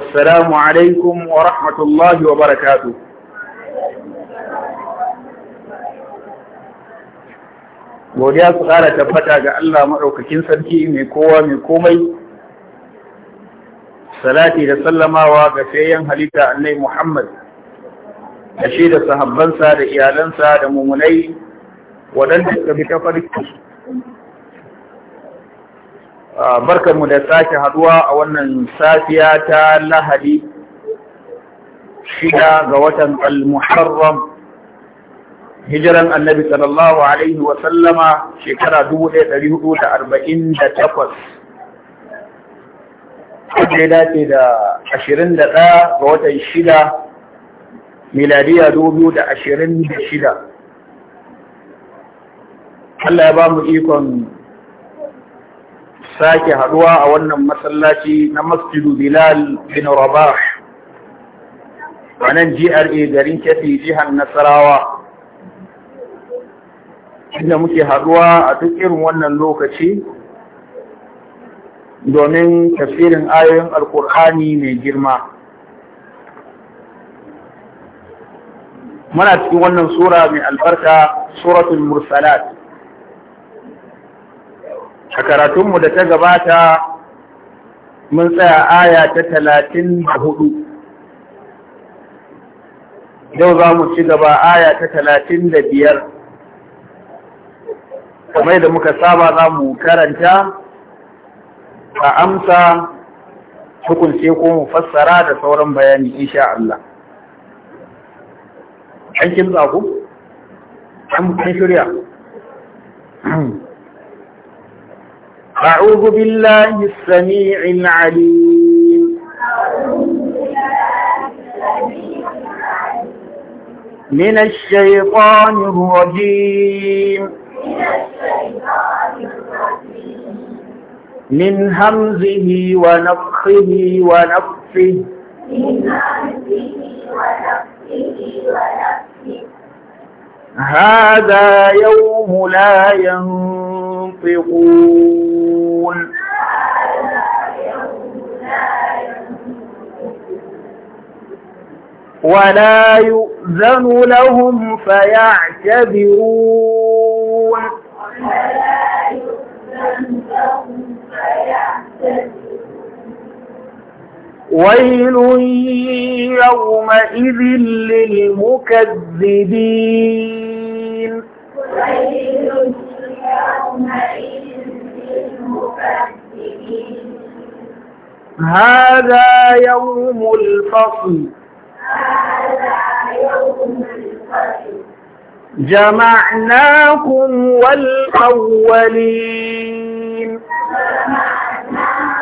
السلام عليكم ورحمة الله وبركاته godiya su ƙara tabbata ga Allah maɗaukakin sarki mai kowa mai komai salati da sallamawa ga fayyan halitta annai Muhammad da shi da sahabbansa da iyalansa da mumunai waɗanda suka bi farki barkanmu da sake haduwa a wannan safiya ta lahadi shida ga watan al-muharram hijiran annabi sallallahu alaihi wa sallama shekara 1448 ya dace da 21 ga watan shida miladiya 2026 Allah ya ba mu ikon sake haduwa a wannan masallaci na masjidu Bilal bin Rabah a nan GRA garin Kefi jihar Nasarawa inda muke haduwa a duk irin wannan lokaci domin tafsirin ayoyin alkur'ani mai girma muna cikin wannan sura mai albarka suratul mursalat a karatunmu da ta gabata mun tsaya aya ta talatin da hudu yau za mu ci gaba aya ta talatin da biyar kamar da muka saba za mu karanta a amsa hukunce ko mu fassara da sauran bayani insha Allah an kin zaku an shirya أعوذ بالله السميع العليم من الشيطان الرجيم من همزه ونفخه ونفخه من همزه ونفخه ونفخه هذا يوم لا ينطقون ولا يؤذن لهم فيعتذرون ولا يؤذن لهم فيعتذرون ويل يومئذ للمكذبين ويل هذا يوم الفصل جمعناكم والأولين جمعناكم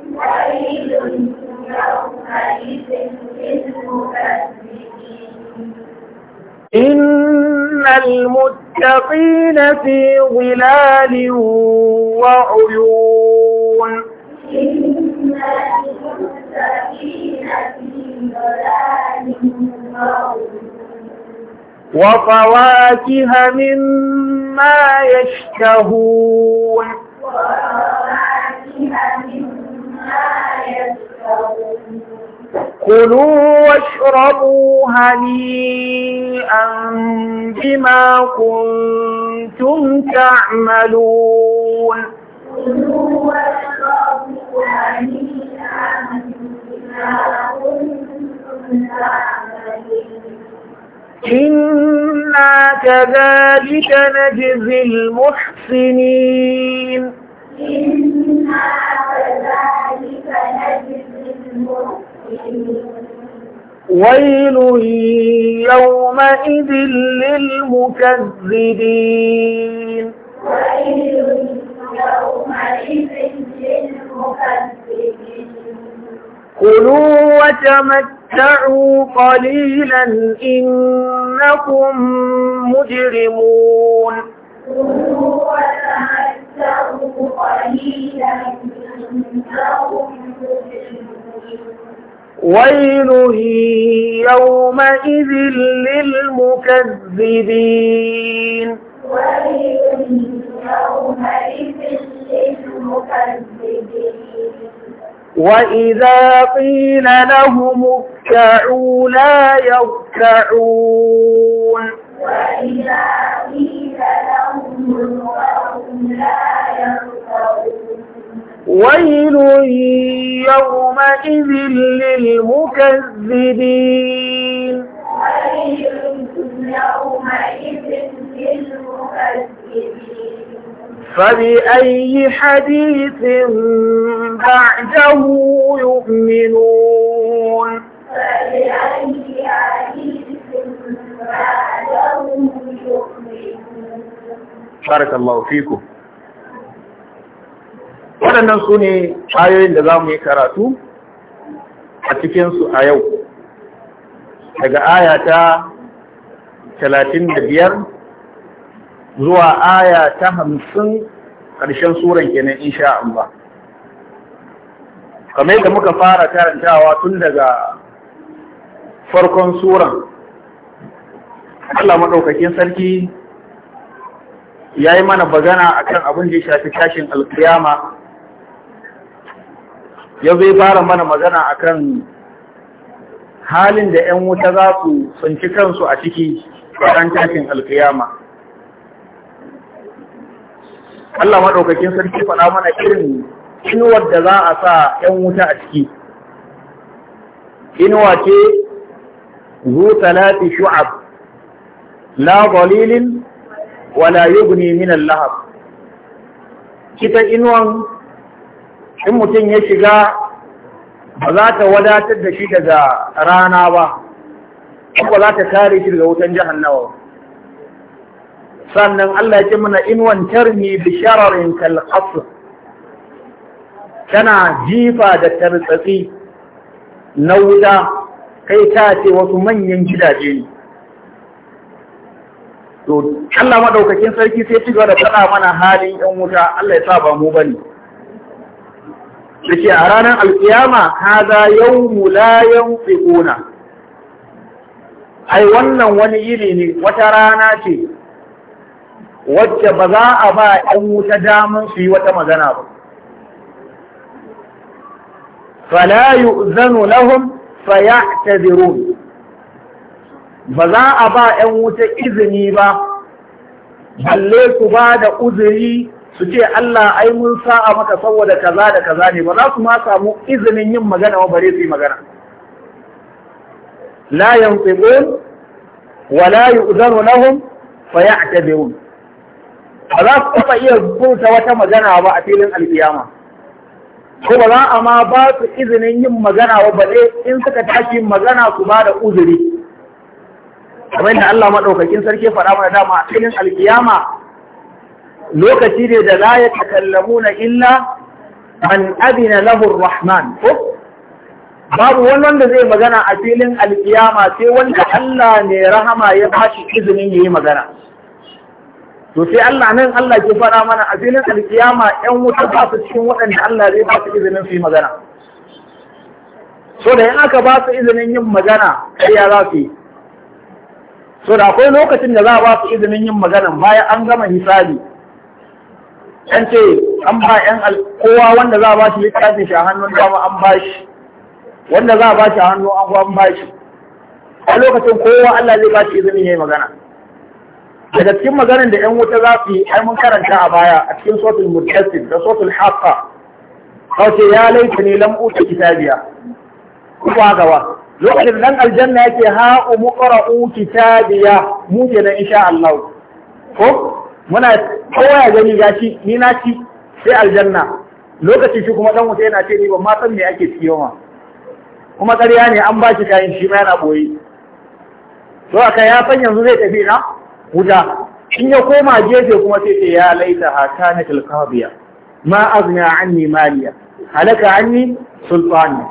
إن المتقين في ظلال وعيون وفواكه مما يشتهون وفواكه مما يشتهون كلوا واشربوا هنيئا بما كنتم تعملون إنا كذلك نجزي المحسنين إنا كذلك نجزي المحسنين ويل يومئذ للمكذبين كلوا وتمتعوا قليلا إنكم مجرمون كلوا وتمتعوا قليلا إنكم مجرمون ويل يومئذ للمكذبين يومئذ للمكذبين وإذا قيل لهم اركعوا لا يركعون وإذا قيل لهم اركعوا لا يركعون ويل يومئذ للمكذبين ويل يومئذ للمكذبين فبأي حديث بعده يؤمنون فبأي حديث بعده يؤمنون بارك الله فيكم waɗannan su ne ayoyin da za mu yi karatu a cikinsu a yau daga aya ta talatin da biyar zuwa aya ta hamsin ƙarshen suran kenan insha Allah kamar yadda muka fara karantawa tun daga farkon suran Allah maɗaukakin sarki ya yi mana bagana akan abin da ya shafi tashin alkiyama ya zai fara mana magana akan halin da 'yan wuta za su tsinci kansu a ciki ɗan tashin alkiyama. Allah maɗaukakin sarki faɗa mana irin inuwar da za a sa 'yan wuta a ciki. Inuwa ce zu talati shu'ab la dalilin wala yugni minan lahab. Kita inuwan in mutum ya shiga ba za ta wadatar da shi daga rana ba ba za ta kare shi daga wutan jahannawa sannan Allah ya ce mana in ni bi shararin tana jifa da tartsatsi na wuta kai ta ce wasu manyan gidaje ne to Allah madaukakin sarki sai ci gaba da faɗa mana halin 'yan wuta Allah ya sa ba mu bane yake a ranar alkiyama hada yau la yanfiquna ai wannan wani yini ne wata rana ce wacce ba za a ba ‘yan wuta damar su yi wata magana ba. Fala zanu lahun faya tazirun ba za a ba ‘yan wuta izini ba, balle su ba da uzuri su ce Allah ai mun sa'a maka saboda kaza da kaza ne ba za su ma samu izinin yin magana ba bare su yi magana la yanṭiqūn wa la yu'zanu lahum fa ya'tabirun ba za su taɓa iya furta wata magana ba a filin alƙiyama ko ba za a ma ba su izinin yin magana ba bare in suka tashi magana su ba da uzuri kamar da Allah maɗaukakin sarki faɗa mana dama a filin alƙiyama lokaci ne da la na illa an abina Lahur rahman ko babu wani wanda zai magana a filin alkiyama sai wanda Allah ne rahama ya bashi izinin yayi magana to sai Allah nan Allah ke fara mana a filin alkiyama ƴan wuta ba su cikin waɗanda Allah zai ba su izinin su yi magana so da in aka ba su izinin yin magana ƙarya za su yi so da akwai lokacin da za a ba su izinin yin magana bayan an gama hisabi an ce an ba yan kowa wanda za a ba shi littafin shi a hannun dama an ba shi wanda za a ba shi a hannu an an ba shi a lokacin kowa Allah zai ba shi izinin yayi magana daga cikin maganar da yan wuta za su yi ai mun karanta a baya a cikin suratul muddassir da suratul haqqa kace ya laita ne lam uta kitabiya kuma gaba lokacin dan aljanna yake ha umqra'u kitabiya mu nan insha Allah ko muna kowa ya gani ya ci ni na ci sai aljanna lokaci shi kuma dan wuta yana ce ni ban ma san me ake ciyo ma kuma ƙarya ne an ba kayan shi ma yana boye to aka ya san yanzu zai tafi na wuta in ya koma gefe kuma sai ce ya laita ha kanat al ma azna anni maliya halaka anni sultani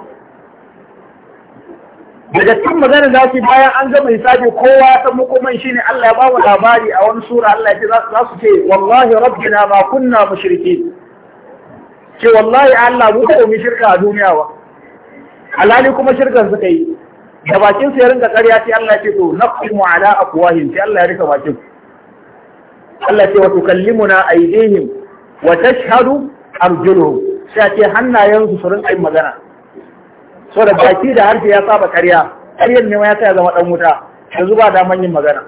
daga cikin magana da su bayan an gama hisabi kowa ta san shine Allah ya ba mu labari a wani sura Allah ya ce za su ce wallahi rabbina ma kunna mushriki ce wallahi Allah mu ko mu shirka a duniya ba alali kuma shirkan suka yi da bakin su ya rinka ƙarya sai Allah ya ce to naqimu ala afwahim sai Allah ya rika bakin Allah ya ce wa tukallimuna aydihim wa tashhadu arjuluhum sai ce hannayen su su rinka yin magana so da baki da harshe ya saba karya ƙaryar ne ya sa zama ɗan wuta da zuba damar yin magana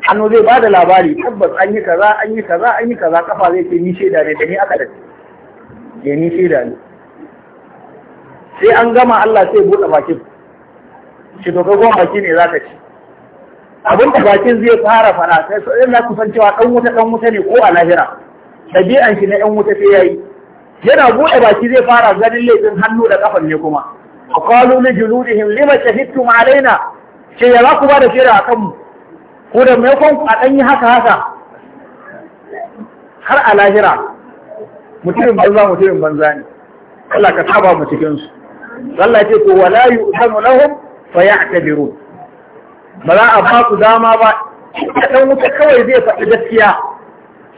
hannu zai ba da labari tabbas an yi kaza an yi kaza an yi kaza kafa zai ce ni shaida ne da ni aka da ke eh, ni shaida ne sai an gama Allah sai buɗe bakin shi to gagon baki ne zaka ci abin da bakin zai fara fara sai so na kusancewa ɗan wuta ɗan wuta ne ko a lahira dabi'an shi na ɗan wuta sai yayi yana buɗe baki zai fara ganin laifin hannu da kafan ne kuma a kwalu na junudihim lima shahittu alaina ce ya za ku ba da shaida a kanmu ko da maimakon a ɗan yi haka haka har a lahira mutumin banza mutumin banza ne Allah ka taba mu cikin su Allah ce ko wala yu'thamu lahum fa ya'tabiru ba za a ba ku dama ba ɗan wuta kawai zai faɗi gaskiya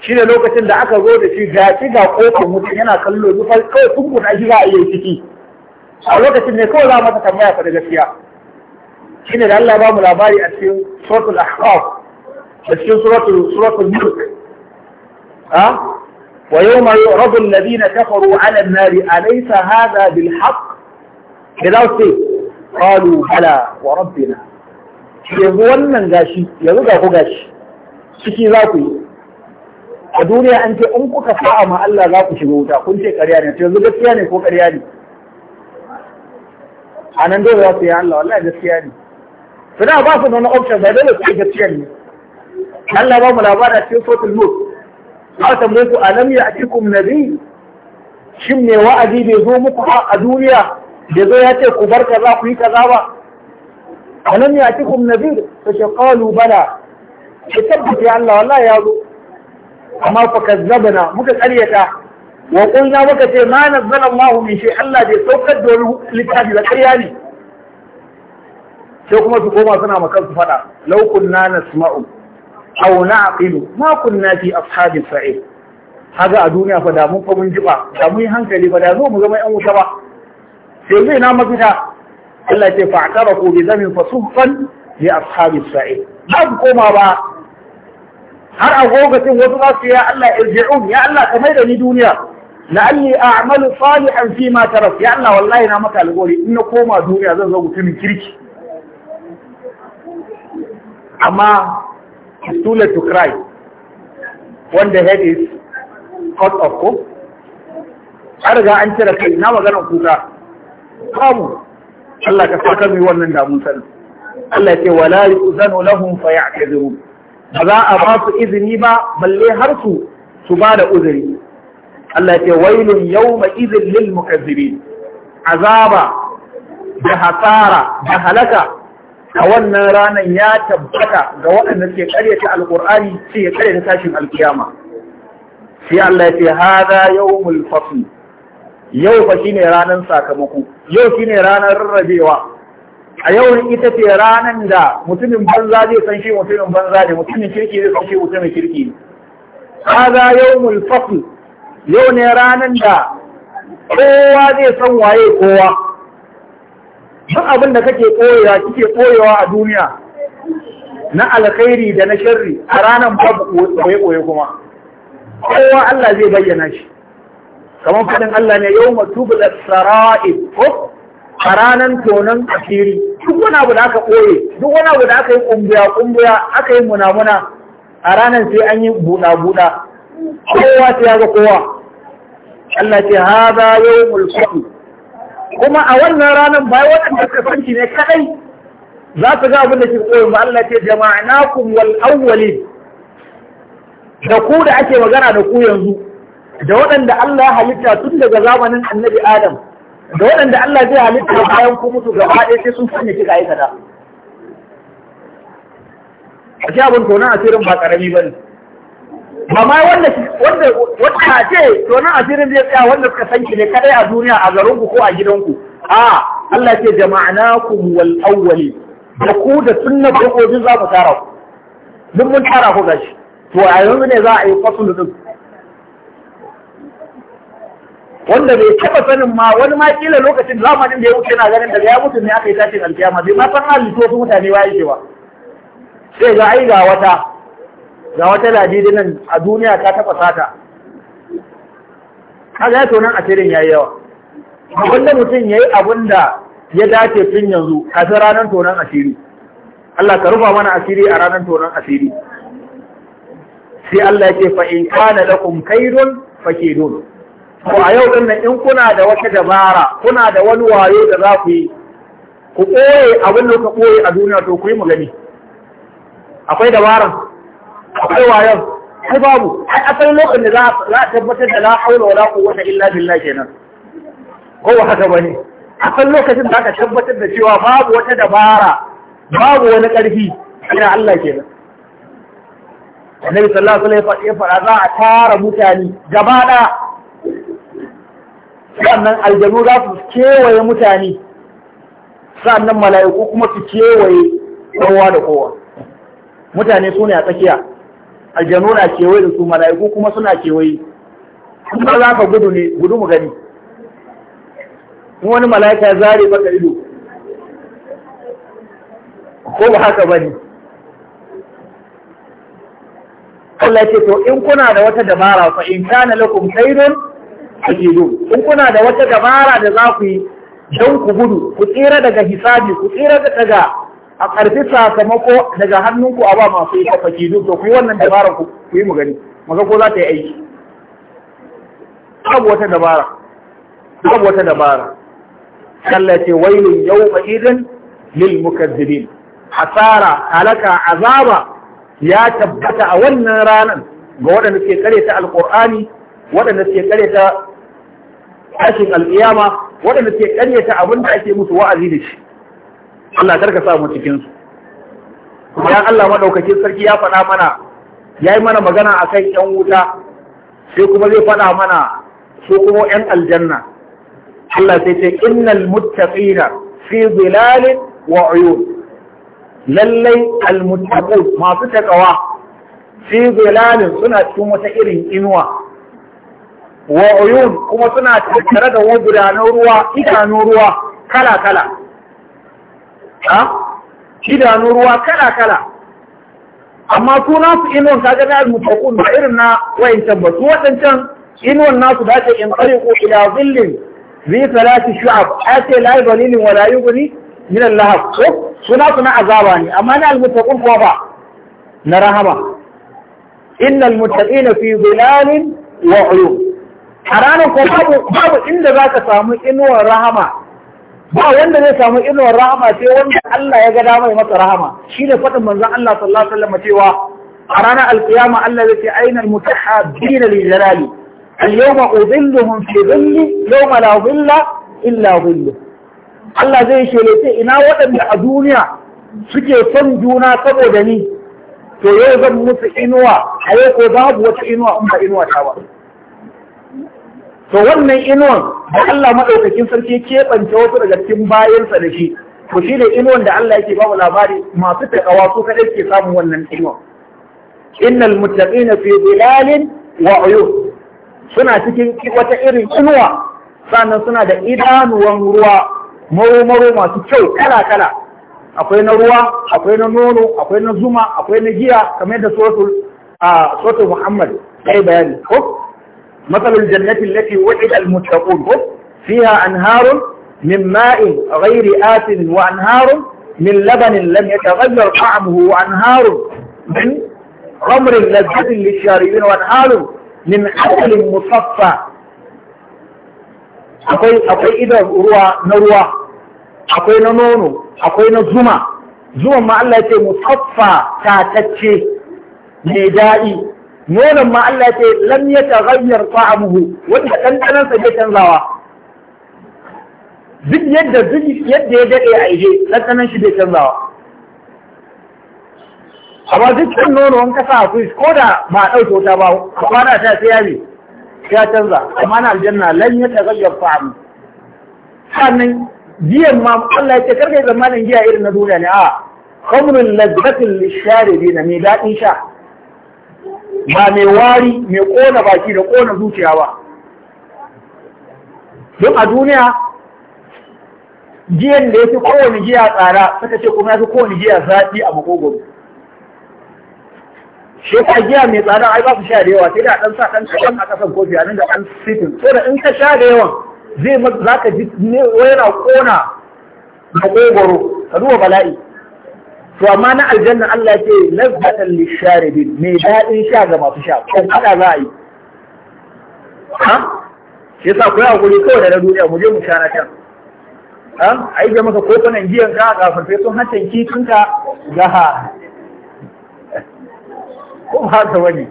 shi ne lokacin da aka zo da shi ga shi ga kofar mutum yana kallo zufa kawai sun guda shi za a iya ciki a lokacin ne kawai za mu ta tambaya ta da gaskiya shi ne da Allah ba mu labari a cikin suratul ahqaf a cikin suratul suratul mulk ha wa yawma yu'radu alladhina kafaru 'ala an-nari alaysa hadha bil haqq idan sai qalu bala wa rabbina yanzu wannan gashi yanzu ga ku gashi ciki za ku yi a duniya an ce in kuka sa'a ma Allah za ku shiga wuta kun ce ƙarya ne to yanzu gaskiya ne ko ƙarya ne a nan dole za su yi Allah wallahi gaskiya ne suna ba su nuna option ba dole su yi gaskiya ne Allah ba mu labara cikin sotul mulk za ta muku nan ya na nabi shin me wa'azi bai zo muku a duniya da zo ya ce ku bar kaza ku yi kaza ba nan ya atikum nabi ta ce qalu bala ki tabbata Allah wallahi ya zo amma fa kazzabna muka karyata wa qulna muka ce ma nazzala Allah min shay Allah bai saukar da wani littafi da karya ne sai kuma su koma suna ma kansu fada law kunna nasma'u aw na'qilu ma kunna fi ashabil sa'ir haga a duniya fa da mun fa mun jiba da mun yi hankali fa da zo mu zama yan wuta ba sai zai na mafita Allah ce fa'taraku bi zamin fasuhqan li ashabis sa'ir ba koma ba har a gogacin wasu za su ya Allah irji'un ya Allah ka mai da ni duniya la'alli a'malu salihan fi ma tarak ya Allah wallahi na maka alƙawari in na koma duniya zan zama mutumin kirki amma it's too late to cry when the head is cut of ko an riga an cire kai na maganar kuka samu Allah ka saka mai wannan damun sanin Allah ya ce wala yu'zanu lahum fa ya'tazirun ba za a ba su izini ba balle har su su ba da uzuri Allah ce wailun yawma idhin lil mukazzibin azaba da hasara da halaka a wannan ranar ya tabbata ga waɗanda suke karyata alqur'ani ce ya karyata tashin alkiyama sai Allah ya ce hada yawmul fasl yau fa shine ranar sakamako yau shine ranar rarrabewa a yau ita ce ranar da mutumin banza zai san shi mutumin banza ne mutumin kirki zai san shi mutumin kirki ne kaza yau fasl yau ne ranar da kowa zai san waye kowa duk abin da kake koyewa kike koyewa a duniya na alkhairi da na sharri a ranar babu koye-koye kuma kowa Allah zai bayyana shi kamar faɗin Allah ne yau matubula sara'ib a ranar tonon asiri duk wani abu da aka ɓoye duk wani abu da aka yi kumbuya kumbuya aka yi munamuna a ranar sai an yi buɗa buɗa kowa sai ya ga kowa Allah ce ha za yau mulki kuma a wannan ranar bai waɗanda suka sanci ne kaɗai za su ga abin da ke ɓoye ba Allah ce jama'anakum wal awwali da ku da ake magana da ku yanzu da waɗanda Allah ya halitta tun daga zamanin annabi Adam da waɗanda Allah zai halitta bayan ku mutu gaba ɗaya sai sun sanya kika da. a ce abin tonon asirin ba ƙarami ba ne ba ma wanda wanda ce tonon asirin zai tsaya wanda suka san ki ne kadai a duniya a garinku ko a gidanku a Allah ce ku wal awwali da ku da sunna farko za mu tara ku duk mun tara ku gashi to a yanzu ne za a yi da din wanda bai taba sanin ma wani ma kila lokacin zamanin da ya wuce yana ganin daga ya mutu ne aka yi tashin alkiyama bai ma san halittu wasu mutane ba yake ba sai ga ai ga wata ga wata ladidi nan a duniya ta taba sata kaga ya tonan asirin yayi yawa wanda mutum yayi abin da ya dace tun yanzu kafin ranar tonan asiri Allah ka rufa mana asiri a ranar tonan asiri sai Allah ya ce fa in kana lakum kaidun fakidun ko a yau din nan in kuna da wata dabara kuna da wani wayo da za ku yi ku ɓoye abin da kuka ɓoye a duniya to ku yi mu gani akwai dabaran akwai wayon ai babu ai san lokacin da za a tabbatar da la haula wala quwwata illa billah kenan ko wa haka bane san lokacin da aka tabbatar da cewa babu wata dabara babu wani ƙarfi ina Allah kenan Annabi sallallahu alaihi sallam ya faɗa za a tara mutane gaba ɗaya sannan aljanu za su kewaye mutane sannan mala'iku kuma su kewaye kowa da kowa mutane su ne a tsakiya aljanu na kewaye da su mala'iku kuma suna kewaye kuma za ka gudu ne gudu mu gani wani mala'ika ya zare maka ido ko ba haka ba ne Allah ce to in kuna da wata dabara fa in kana lakum kaidun tajidu in kuna da wata dabara da za ku yi don ku gudu ku tsira daga hisabi ku tsira daga a karfi sakamako daga hannunku a ba masu yi kafa kidu to ku yi wannan dabarar ku yi mu gani maza ko za ta yi aiki babu wata dabara babu wata dabara Allah ce wailun yawma idin lil mukazzibin hasara halaka azaba ya tabbata a wannan ranar ga waɗanda suke kare ta alqur'ani waɗanda suke kare ta tashin al'iyama waɗanda ke ƙaryata abin da ake musu wa'azi da shi Allah karka samu cikinsu. bayan Allah madaukakin sarki ya faɗa mana ya yi mana magana kan ƴan wuta sai kuma zai faɗa mana su kuma ƴan aljanna Allah sai ce innal muttaqina fi zilalin wa uyun lallai almuttaqun masu taƙawa fi zilalin suna cikin wata irin inuwa wa uyun kuma suna tattare da wagudanan ruwa idanun ruwa kala kala ha idanun ruwa kala kala amma su nasu inuwan kaga na almutaqun ba irin na wayancan ba su wadancan inuwan nasu da ta in tariqu ila zillin zi talati shu'ab ate la wa wala yughni min ko suna su na azaba ne amma na almutaqun kuwa ba na rahama innal muttaqina fi zilalin wa uyun a ranar ko babu babu inda zaka samu inuwar rahama ba wanda zai samu inuwar rahama sai wanda Allah ya ga damar masa rahama shi ne faɗin manzon Allah sallallahu alaihi wasallam cewa a ranar alkiyama Allah zai ce ainal mutahabbina li jalali al udhilluhum fi dhilli yawma la dhilla illa dhillu Allah zai shelete ina waɗanda a duniya suke son juna saboda ni to yau zan musu inuwa a yau ko babu wata inuwa in ba inuwa ta ba to wannan inuwan da Allah maɗaukakin sarki ya keɓance wasu daga cikin bayansa da shi to shi ne inuwan da Allah yake babu labari masu takawa su kaɗai ke samun wannan inuwan innal muttaqina fi dhilalin wa uyun suna cikin wata irin inuwa sannan suna da idanuwan ruwa maro-maro masu kyau kala-kala akwai na ruwa akwai na nono akwai na zuma akwai na giya kamar da sotul a muhammad ya yi bayani ko مثل الجنة التي وعد المتقون فيها أنهار من ماء غير آت وأنهار من لبن لم يتغير طعمه وأنهار من خمر لذة للشاربين وأنهار من عسل مصفى أقول أقول إذا روى نروى أقول نونو أقول nono akwai na zuma zuwan ma Allah ya nonon ma Allah ya ce lam yataghayyar ta'amuhu wanda dandanan sa bai canzawa duk yadda duk yadda ya dade a ije dandanan shi bai canzawa amma dukkan nono in ka a kuis ko da ba a ɗauke wuta ba a kwana ta sai ya ne ya canza amma na aljanna lan yataghayyar ta'amuhu sannan biyan ma Allah ya ce karkai zamanin giya irin na duniya ne a khamrul lazzatil lisharibin mai daɗin sha ba mai wari mai kona baki da kona zuciya ba don a duniya giyan da ya fi kowane giya tsara suka ce kuma ya fi kowane giya zaɓi a makogoro shekwa giya mai tsada ai ba su sha da yawa sai da ɗan sa ɗan kaɗan a ƙasan kofi a nan da ɗan sifin so da in ka sha da yawan zai za ka ji yana kona makogoro ka duba bala'i to amma na aljanna Allah ce lazzatan lisharibin mai daɗin sha ga masu sha ko kada za a yi ha shi yasa ko ya hakuri kawai da duniya mu je mu sha na can ha a ga maka kana giyan ka ga sun hatan kifin ka ga ha ko ba ta wani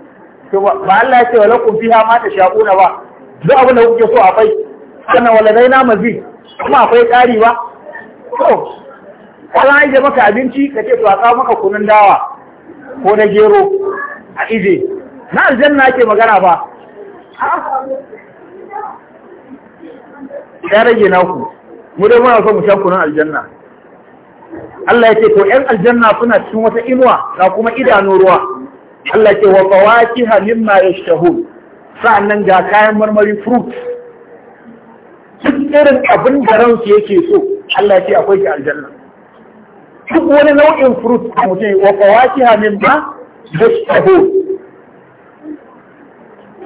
to ba Allah ya ce wala kun fiha ma ta sha'una ba duk abin da kuke so akwai sannan waladaina mazi kuma akwai ƙari ba to kaza an je maka abinci ka ce to a maka kunun dawa ko na gero a ije na aljanna ake magana ba ya rage naku mu dai muna so mu sha kunun aljanna Allah ya ce to 'yan aljanna suna cikin wata inuwa ga kuma idanu ruwa Allah ya ce wa fawakiha mimma yashtahun sa'annan ga kayan marmari fruit duk irin abin da ransu yake so Allah ya ce akwai ki aljanna duk wani nau'in fruit da mutum wa fawakiha mimma yashtahu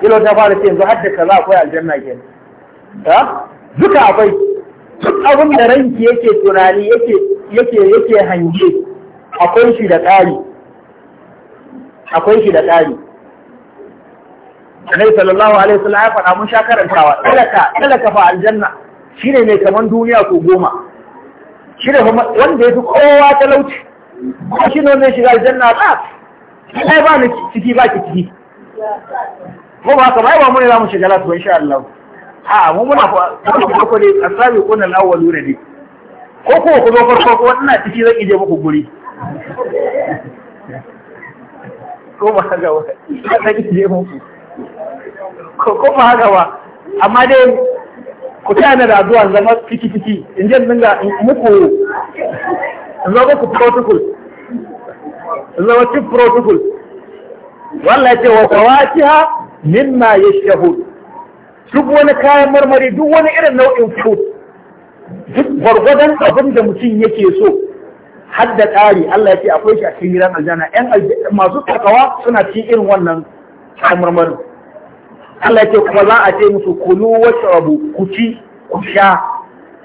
kilo ta fara ce yanzu hadda kaza akwai aljanna ke ta duka akwai duk abin da ranki yake tunani yake yake yake hange akwai shi da tsari akwai shi da tsari Annabi sallallahu alaihi wasallam ya faɗa mun sha karantawa talaka talaka fa aljanna shine mai kaman duniya ko goma shi da wanda ya fi kowa talauci kuma shi ne wannan shiga aljanna ba ai ba ni ciki ba ki ciki ko ba kamar ba mu ne za mu shiga lati insha Allah a mu muna ko ne asabi ko na awwalu ne ko ko ku zo farko ko wannan ciki zan ije muku guri ko ba haka ba zan ije muku ko ba haka ba amma dai ku tana da zuwa zama fiki-fiki in je dinga muku zama ku protocol zama cikin protocol wallahi ce wa fawatiha mimma yashtahu duk wani kayan marmari duk wani irin nau'in food duk gwargwadon abin da mutum yake so har da tsari Allah ya ce akwai shi a cikin gidan aljanna yan masu takawa suna cikin irin wannan kayan marmarin Allah ce kuma za a ce musu kulu wata abu ku ci ku sha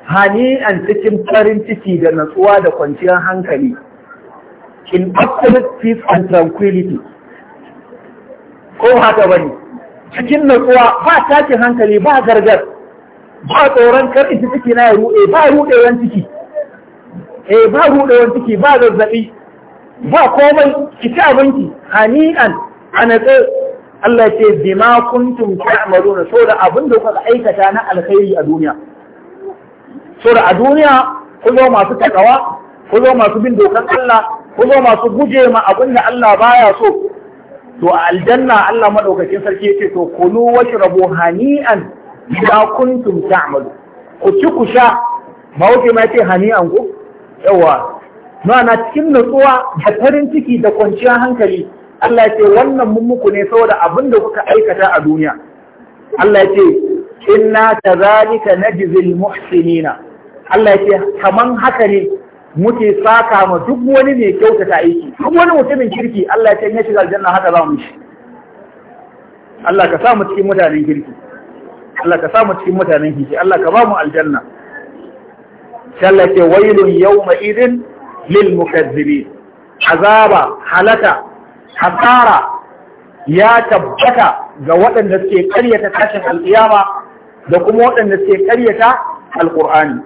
an cikin farin ciki da natsuwa da kwanciyar hankali in absolute peace and tranquility ko haka bane cikin natsuwa ba tashin hankali ba gargar ba tsoron kar ita ciki na ruɗe ba ruɗewan ciki eh ba ruɗewan ciki ba zazzaɓi ba komai ki ci abinki an a natsuwa. Allah ce bima kuntum ta'maluna saboda abin da kuka aikata na alkhairi a duniya saboda a duniya ku zo masu takawa ku zo masu bin dokar Allah ku zo masu guje ma abin da Allah baya so to a aljanna Allah madaukakin sarki yace to kulu washrabu hani'an bima kuntum ta'malu ku ci ku sha wuce ma yace hani'an ku yawa ma'ana cikin nutsuwa da farin ciki da kwanciyar hankali Allah ya ce wannan mun muku ne saboda abin da kuka aikata a duniya Allah ya ce inna kadhalika najzil muhsinina Allah ya ce kaman haka ne muke saka ma duk wani mai kyautata aiki duk wani mutumin kirki Allah ya ce ya shiga aljanna haka za mu shi Allah ka sa mu cikin mutanen kirki Allah ka sa mu cikin mutanen kirki Allah ka ba mu aljanna shallake wailun yawma idin lil mukazzibin azaba halaka hasara ya tabbata ga waɗanda suke karyata tashin alƙiyama da kuma waɗanda suke karyata alƙur'ani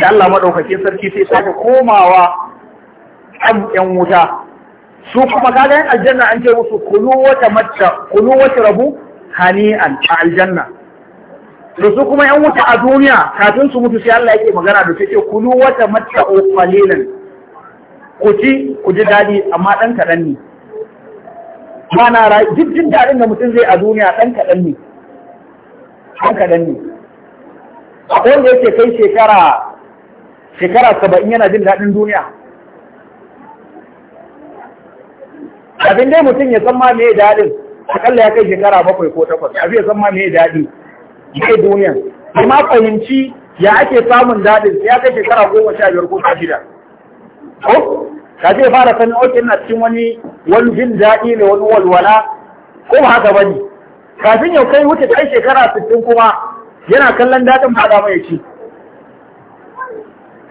da Allah maɗaukakin sarki sai sake komawa kan ƴan wuta su kuma kaga yan aljanna an ce musu kulu wata rabu hani'an a aljanna da su kuma yan wuta a duniya kafin su mutu sai Allah yake magana da su ce kulu wata matta o qalilan ku ci ku ji daɗi amma ɗan kaɗan ne mana duk jin daɗin da mutum zai a duniya ɗan kaɗan ne ɗan kaɗan ne akwai wanda yake kai shekara shekara saba'in yana jin daɗin duniya abin dai mutum ya san ma me daɗin akalla ya kai shekara bakwai ko takwas abin ya san ma me daɗi yi duniya ma fahimci ya ake samun daɗin ya kai shekara goma sha biyar ko sha shida ko ka zai fara sanin oke na cikin wani wani jin daɗi ne wani walwala ko ba haka bane kafin yau kai wuce kai shekara 60 kuma yana kallon daɗin ba dama ya ci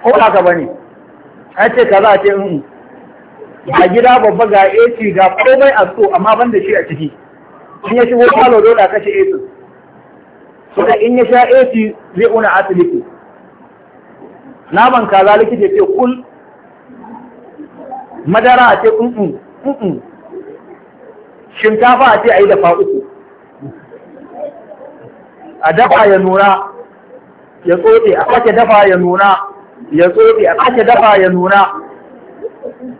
ko ba haka bane an ce kaza ce in hmm, a gida babba ga AC ga komai a so amma ban da shi a ciki in ya shigo falo dole a kashe AC so da in ya sha AC zai una asibiti naman kaza likita ce kul madara a ce un'un un'un shinkafa a ce a yi dafa uku a dafa ya nuna ya tsoɗe, a sake dafa ya nuna ya tsoɗe, a sake dafa ya nuna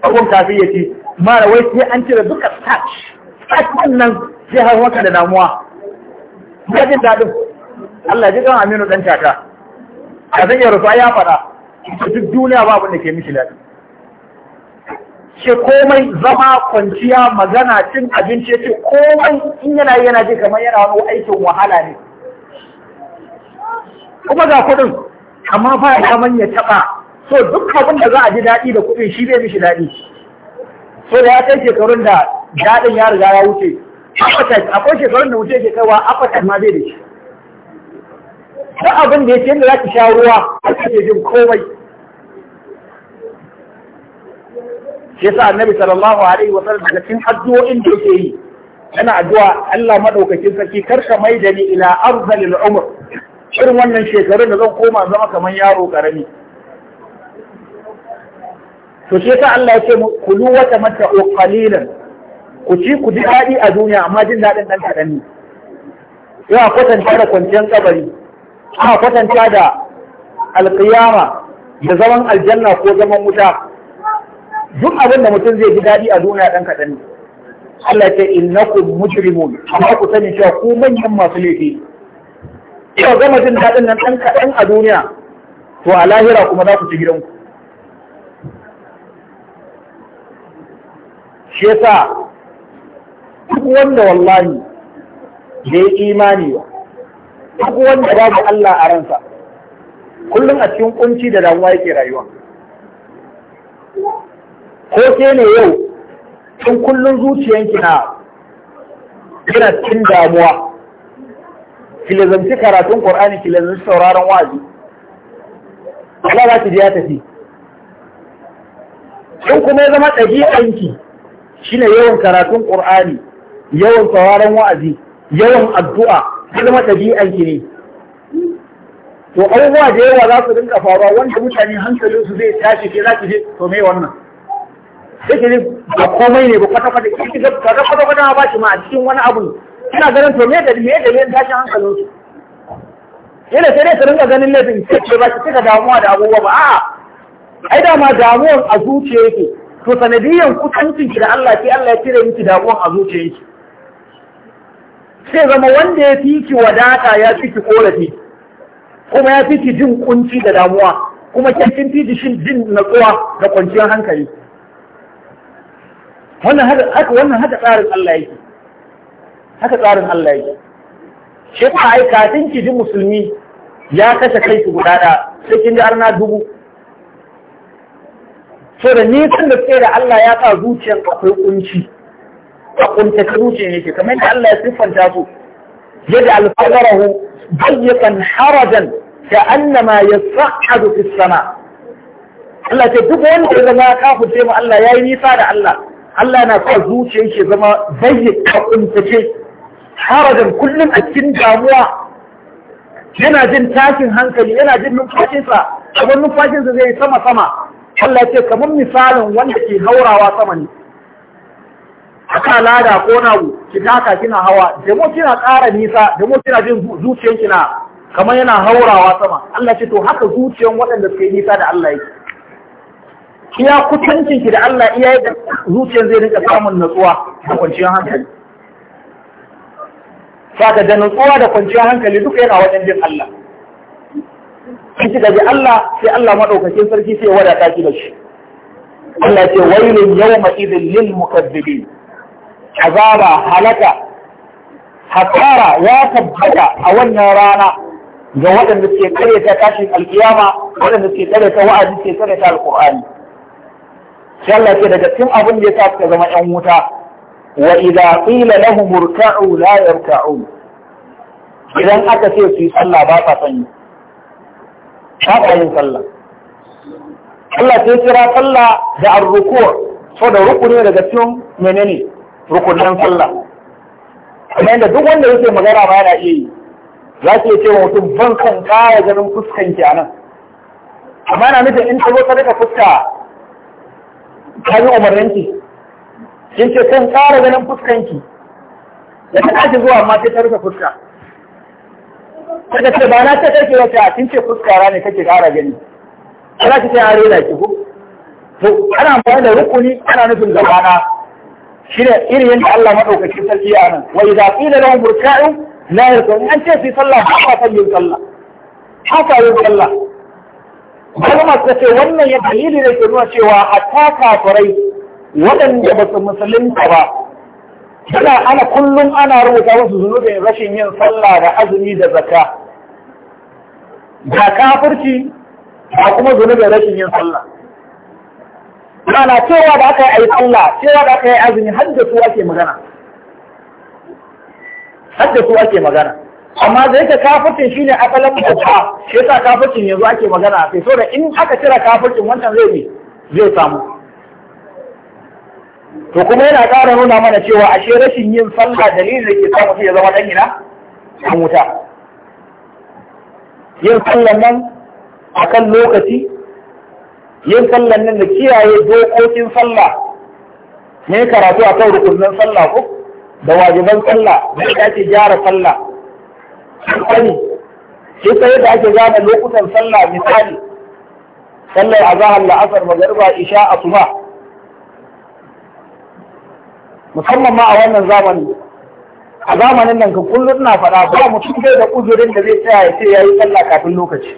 abun kafin ya ce mara wai sai an cire duka starch starch wannan sai har wata da damuwa ya jin daɗin Allah ji kan Aminu ɗan tata a zan yi rufa ya faɗa duk duniya babu da ke mishi daɗi ce komai zama kwanciya magana cin abinci ce komai in yana yana ji kamar yana wani aikin wahala ne kuma ga kuɗin amma ba ya kaman ya taɓa so duk abin da za a ji daɗi da kuɗi, shi bai mishi daɗi so da ya kai shekarun da daɗin ya riga ya wuce akwai shekarun da wuce ke kaiwa ma bai da shi duk abin da ya ce yadda za ki sha ruwa ake jin komai shi yasa annabi sallallahu alaihi wa sallam daga cikin addu'o'in da yake yi yana addu'a Allah madaukakin sarki karka mai da ni ila arzalil umr irin wannan shekarun da zan koma zama kamar yaro karami to shi yasa Allah ya ce kulu wa tamattu qalilan ku ci ku ji daɗi a duniya amma jin daɗin ɗan kaɗan ne kwatanta da kwanciyar kabari a kwatanta da alƙiyama da zaman aljanna ko zaman wuta duk abin da mutum zai ji daɗi a duniya ɗan kaɗan ne Allah ya ce innakum mujrimun amma ku sani cewa ku manyan masu laifi yau gama jin daɗin nan ɗan kaɗan a duniya to a lahira kuma za ku ci gidanku shi yasa duk wanda wallahi ya imani ba duk wanda babu Allah a ransa kullum a cikin kunci da damuwa yake rayuwa ko ke ne yau tun kullum zuciyanki na kina cikin damuwa ki karatun Qur'ani ki sauraron wa'azi ala za ki ji ya tafi Tun kuma ya zama ɗabi'anki shine yawan karatun Qur'ani yawan sauraron wa'azi yawan addu'a ya zama ɗabi'anki ne to abubuwa da yawa za su dinga faruwa wanda mutane hankalinsu zai tashi ke za ki je to me wannan yake ne ba komai ne ba kwata kwata kike ga kaga kwata kwata ba shi ma a cikin wani abu ina ganin to me da me da me tashin hankalin su yana sai dai su rinka ganin laifin ce ba shi kika damuwa da abubuwa ba a'a ai da ma damuwan a zuciya yake to sanadiyan kusancin ki da Allah sai Allah ya cire miki damuwan a zuciya yake sai zama wanda ya fi ki wadata ya fi ki korafi kuma ya fi ki jin kunci da damuwa kuma kin fi ki jin natsuwa da kwanciyar hankali wannan haka wannan haka tsarin Allah yake haka tsarin Allah yake shi kuma ai kafin ki ji musulmi ya kashe kai ki guda da sai kin ji arna dubu so da nisan da tsaye da Allah ya sa zuciyar akwai kunci a kunta zuciyar yake kamar da Allah ya siffanta su yadda alfadarahu bayyakan harajan ka annama yasahadu fis sama Allah ce duk wanda ya zama kafin sai mu Allah yayi nisa da Allah Allah na sa zuciyar shi zama bayyaka kuntace harajan kullum a cikin damuwa yana jin tashin hankali yana jin numfashinsa kamar numfashinsa zai sama sama Allah ce kamar misalin wanda ke haurawa sama ne aka lada ko nagu ki taka kina hawa da kina ƙara nisa da kina jin zuciyar kina kamar yana haurawa sama Allah ce to haka zuciyar waɗanda suke nisa da Allah yake iya kusancin ki da Allah iya yadda zuciyar zai rinka samun natsuwa da kwanciyar hankali saka da natsuwa da kwanciyar hankali duka yana wajen jin Allah kiki da ji Allah sai Allah maɗaukakin sarki sai wadata ki da shi Allah ce wailun yawma idhil lil mukazzibin azaba halaka hasara ya tabbata a wannan rana ga waɗanda suke karyata tashin alkiyama waɗanda suke karyata wa'azi suke karyata alqur'ani sai Allah ce daga cikin abin da yasa suka zama ƴan wuta wa idza qila lahum irka'u la yarka'un idan aka ce su yi sallah ba sa son yi ba yin sallah Allah sai kira sallah da ar-ruku' so da rukuni daga cikin menene rukunin sallah kamar yadda duk wanda yake magana ba yana iya yi za ki ce wa mutum ban kan kaya ganin fuskanki a nan amma na nufin in ta zo ta rika fuska ta yi umarninki kin ce kan tsara ganin fuskanki da ta ake zuwa amma sai ta rufe fuska kada ce ba na ta sarki wata a kin ce fuskara ne kake ƙara gani ana ki sai an rena ki ko to ana amfani da rukuni ana nufin gabana shi ne irin yadda Allah maɗaukaki sarki a nan wa idza qila lahum burka'u la yarkun an ce su sallah ba ta yin sallah ba sa yin sallah malama suka ce wannan ya dalili da ke nuna cewa ta kafirai waɗanda ba su musulunta ba yana ana kullum ana rubuta musu zunubin rashin yin sallah da azumi da zakka ga kafirci ba kuma zunubin rashin yin sallah ana cewa da aka yi sallah cewa da aka yi azumi har da su ake magana har da su ake magana amma zai ka kafircin shine akalan bauta shi yasa kafircin yanzu ake magana a kai saboda in aka cira kafircin wancan zai ne zai samu to kuma yana ƙara nuna mana cewa ashe rashin yin sallah dalilin da ke sa mutum ya zama dan ina a wuta yin sallan nan a kan lokaci yin sallan nan da kiyaye dokokin sallah ne karatu a kan rukunin sallah ko da wajiban sallah da ake gyara sallah sani shi sai da ake gane lokutan sallah misali sallar zahar la'asar magariba isha asuba musamman ma a wannan zamani a zamanin nan ka kullum na faɗa ba mutum zai da uzurin da zai tsaya ya ce ya yi sallah kafin lokaci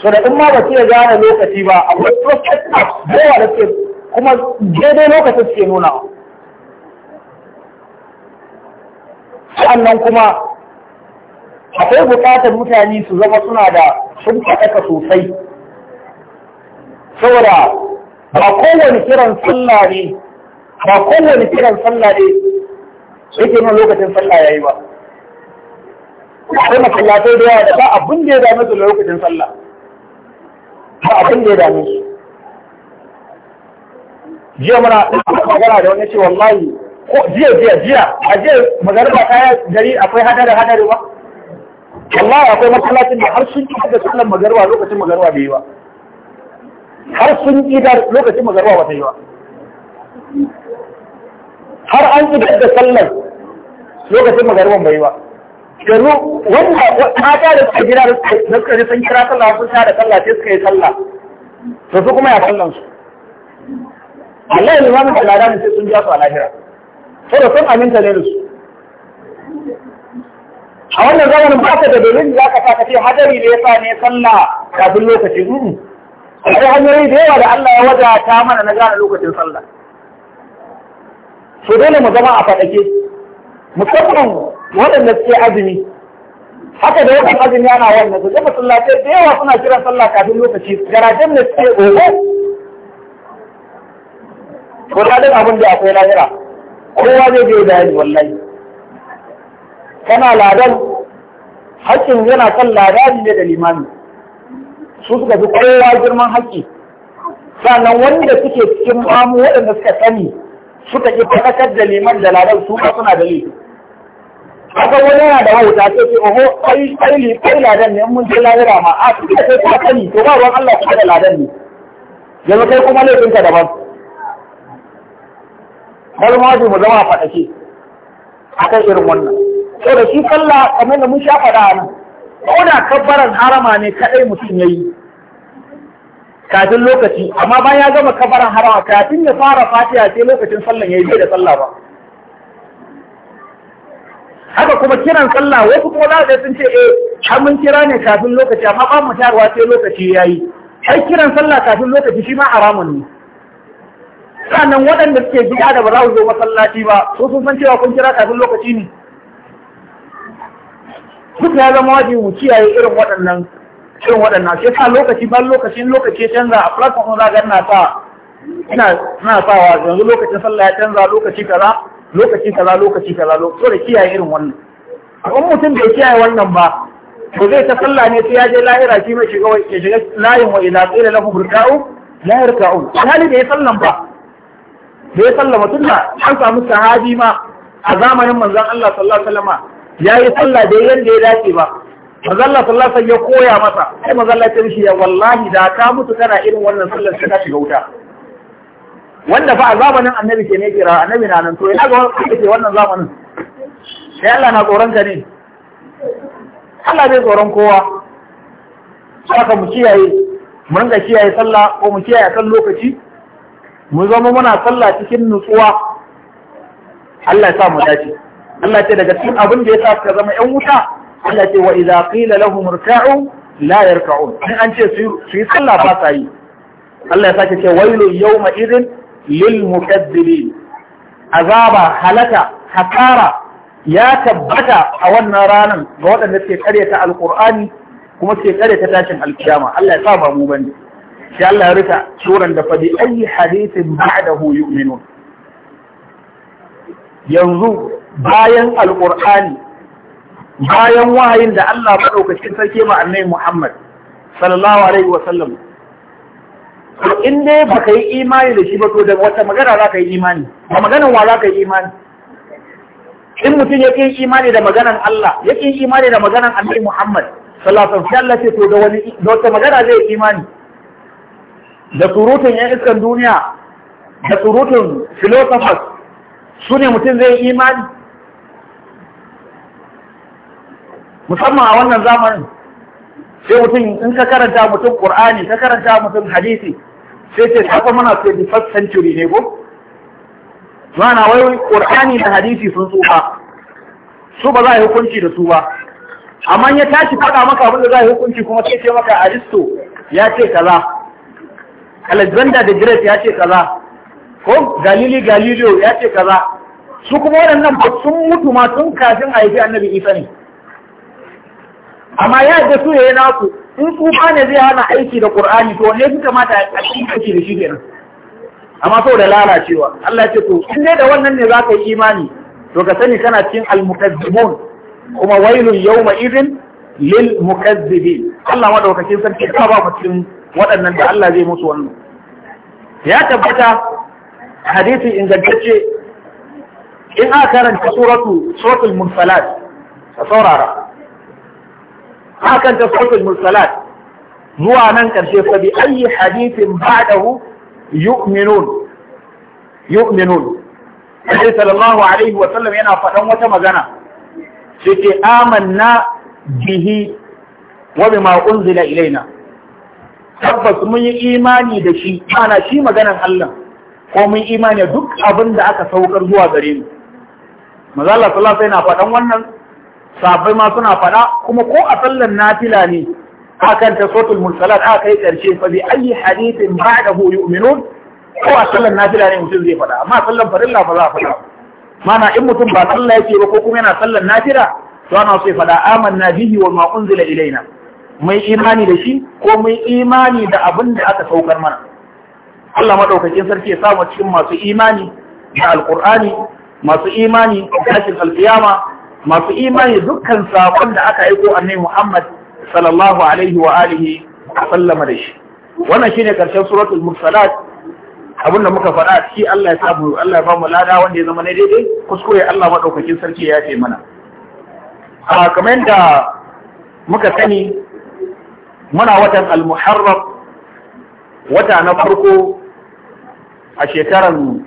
so da in ma ba ya gane lokaci ba a prophet apps da da ke kuma daidai lokacin suke nuna kuma akwai bukatar mutane su zama suna da sun faɗaka sosai saboda ba kowane kiran sallah ne ba kowane kiran sallah ne yake nan lokacin sallah yi ba akwai masallatai da yawa da ba abin da ya dame su lokacin sallah ba abin da ya dame su jiya muna magana da wani ce wallahi ko jiya jiya jiya a jiya magana ba ta gari akwai hadari hadari ba wallahi akwai masallacin da har sun ƙi da sallar magarwa lokacin magarwa bai yi ba har sun ƙi da lokacin magarwa ba ta yi ba har an ci da sallar lokacin magarwan bai yi ba yanzu wanda mata da suka gida da suka yi sun kira sallah sun sha da sallah sai suka yi sallah da su kuma ya sallan su Allah ya limamin da ladan sai sun ja su a lahira da sun aminta ne da su a wannan zamanin ba ka da dalilin za ka saka ce hadari ya sa ne sallah kafin lokacin in akwai hanyoyi da yawa da Allah ya ta mana na gane lokacin sallah so dole mu zama a faɗake musamman waɗanda suke azumi haka da yawan azumi ana wannan su zama sai da yawa suna kiran sallah kafin lokaci garajen da suke ogo ko ladin abin da akwai lahira kowa zai je da yaji wallahi kana ladan haƙƙin yana kan ladari ne da limani, su suka fi kowa girman haƙƙi sannan wanda suke cikin mamu waɗanda suka sani suka ƙi faɗakar da liman da ladar su ba suna da laifi akwai wani yana da wauta ce ce oho ai ai ai ladan ne mun je lahira ma a suka kai ka sani to ba ruwan Allah suka da ladan ne yanzu kai kuma laifinka daban bari ma mu zama faɗake akan irin wannan to da shi sallah kamar da mun sha faɗa nan ko da kabbaran harama ne kadai mutum yayi kafin lokaci amma bayan ya gama kabbaran harama kafin ya fara fatiha sai lokacin sallan yayi da sallah ba haka kuma kiran sallah wasu kuma za sun ce eh har mun kira ne kafin lokaci amma ba mu tarwa sai lokaci yayi har kiran sallah kafin lokaci shi ma haramun ne sannan waɗanda suke bid'a da ba za su zo masallaci ba su sun san cewa kun kira kafin lokaci ne suka ya zama wajibi mu kiyaye irin waɗannan irin waɗannan sai sa lokaci ban lokacin lokaci ya canza a platform za ga ina sa ina ina wa yanzu lokacin sallah ya canza lokaci kaza lokaci kaza lokaci kaza so da kiyaye irin wannan in mutum bai kiyaye wannan ba to zai ta sallah ne sai ya je lahira shi mai shiga ya shiga layin wa ila qila lahu burka'u la yarka'u hali bai sallan ba bai sallama tunda an samu sahabi ma a zamanin manzon Allah sallallahu alaihi wasallam ya yi sallah da yadda ya dace ba mazalla sallasa ya koya masa sai mazalla ta mishi ya wallahi da ka mutu kana irin wannan sallar ta ka shiga wuta wanda fa a zamanin annabi ke ne kira annabi na nan to ina ga wanda kake wannan zamanin sai Allah na tsoron ka ne Allah bai tsoron kowa saka mu kiyaye mu ringa kiyaye sallah ko mu kiyaye kan lokaci mu zama muna sallah cikin nutsuwa Allah ya sa mu dace Allah ce daga cikin abin da ya sa ka zama ‘yan wuta, Allah ce wa idza qila lahum irka'u la yarka'un. In an ce su yi sallah ba sa yi. Allah ya sake ce wailu yawma idhin lil mukazzibin. Azaba halaka hasara ya tabbata a wannan ranar ga waɗanda suke karyata alqur'ani kuma suke karyata tashin alkiyama. Allah ya sa ba mu bane. Sai Allah ya rika suran da fa ayi hadithin ba'dahu yu'minun. Yanzu bayan alƙur'ani bayan wahayin da Allah maɗaukacin sarki ma annai Muhammad sallallahu alaihi wa sallam to in dai baka yi imani da shi ba to da wata magana za ka yi imani ba maganan wa za ka yi imani in mutum ya ƙin imani da maganan Allah ya ƙin imani da maganan annai Muhammad sallallahu alaihi wasallam ce to da da wata magana zai imani da surutun yan iskan duniya da surutun philosophers su ne mutum zai imani musamman a wannan zamanin sai mutum in ka karanta mutum Qur'ani ka karanta mutum hadisi sai ce mana muna 21st century ne ko mana wai Qur'ani da hadisi sun tsufa su ba za a yi hukunci da su ba amma ya tashi faɗa maka abin da za a yi hukunci kuma sai ce maka Aristo ya ce kaza Alexander the Great ya ce kaza ko galili Galileo ya ce kaza su kuma waɗannan ba sun mutu ma sun kafin a yi annabi Isa ne amma ya yadda su yi nasu in tsufa ne zai hana aiki da Ƙur'ani, to ne su kamata a cikin aiki da shi kenan amma da lalacewa Allah ce to in dai da wannan ne za ka yi imani to ka sani kana cikin al kuma wailun yawma izin lil mukazzibi Allah madaukakin sarki ka ba mu cikin waɗannan da Allah zai musu wannan ya tabbata hadisi ingantacce in aka karanta suratu suratul munfalat saurara hakan ta sautul mursalat zuwa nan ƙarshe sabi ayi hadithin ba'dahu yu'minun yu'minun Annabi sallallahu alaihi wa sallam yana faɗan wata magana sai ce amanna bihi wa bima unzila ilaina tabbas mun yi imani da shi ana shi maganan Allah ko mun imani duk abin da aka saukar zuwa gare mu manzo Allah sallallahu alaihi wa sallam yana faɗan wannan sabai ma suna faɗa kuma ko a sallan nafila ne akan ta mursalat aka yi ƙarshe fa bi ayi hadithin ba'dahu yu'minun ko a sallan nafila ne mutum zai faɗa amma sallan farilla ba za a faɗa mana in mutum ba sallah yake ba ko kuma yana sallan nafila to ana so ya faɗa amanna bihi wa ma unzila ilaina mai imani da shi ko mai imani da abin da aka saukar mana Allah madaukakin sarki ya samu cikin masu imani da alqur'ani masu imani da tashin alkiyama masu imani dukkan saƙon da aka aiko annabi Muhammad sallallahu alaihi wa alihi sallama da shi wannan shine karshen suratul mursalat abin da muka faɗa shi Allah ya Allah ya ba mu lada wanda ya zama ne daidai kuskure Allah madaukakin sarki ya yafe mana a kamar da muka sani muna watan al-muharram wata na farko a shekaran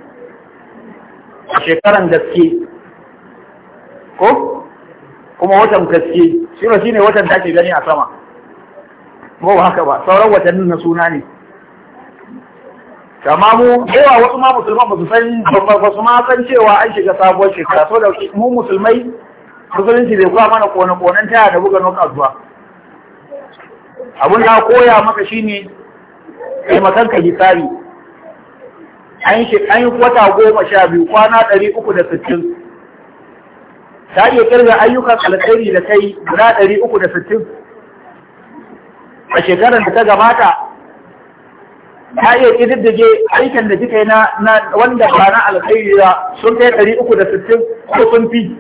a shekaran gaske ko kuma watan gaske shiro shine watan da ake gani a sama ko ba haka ba sauran watannin na suna ne kama mu yawa wasu ma musulman ba su san ba su ma san cewa an shiga sabuwar shekara so da mu musulmai musulunci bai kuwa mana kone konen taya da buga nuka zuwa abin da koya maka shine kai makan ka hisabi an yi wata goma sha biyu kwana ɗari uku da sittin ta iya kirga ayyukan alkhairi da kai guda ɗari uku da sittin a shekarar da ta gabata ta iya ƙididdige aikin da kika yi na wanda ba na alkhairi ba sun kai ɗari uku da sittin ko sun fi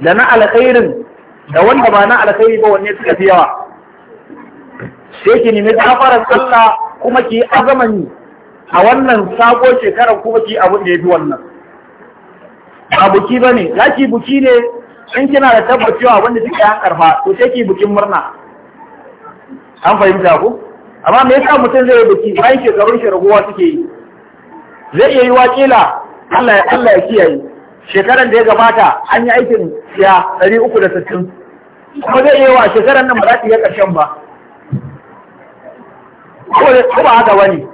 da na alkhairin da wanda ba na alkhairi ba wanne suka fi yawa sai ki nemi gafarar Allah kuma ki yi azaman a wannan sako shekarar kuma ki abin da ya fi wannan ba buki ba ne za ki buki ne in kina da tabbacewa wanda suke an karfa to sai ki bukin murna an fahimta ku amma me yasa mutum zai buki bayan shekarun shi raguwa suke yi zai iya yi wakila Allah ya Allah ya kiyaye shekaran da ya gabata an yi aikin siya uku da sittin. kuma zai iya wa shekaran nan ba za ki iya ƙarshen ba ko ba haka ba ne?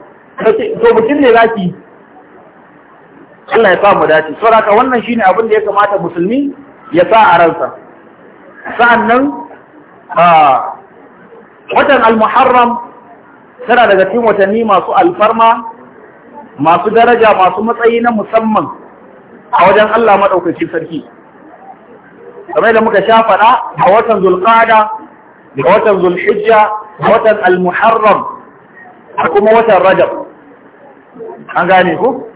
to mutum ne za ki yi Allah ya sa mu dace saboda wannan shine abin da ya kamata musulmi ya sa a ransa sa'annan watan al-muharram tana daga cikin watanni masu alfarma masu daraja masu matsayi na musamman a wajen Allah maɗaukaki sarki kamar da muka sha faɗa a watan zulqada da watan zulhijja da watan al-muharram kuma watan rajab an gane ku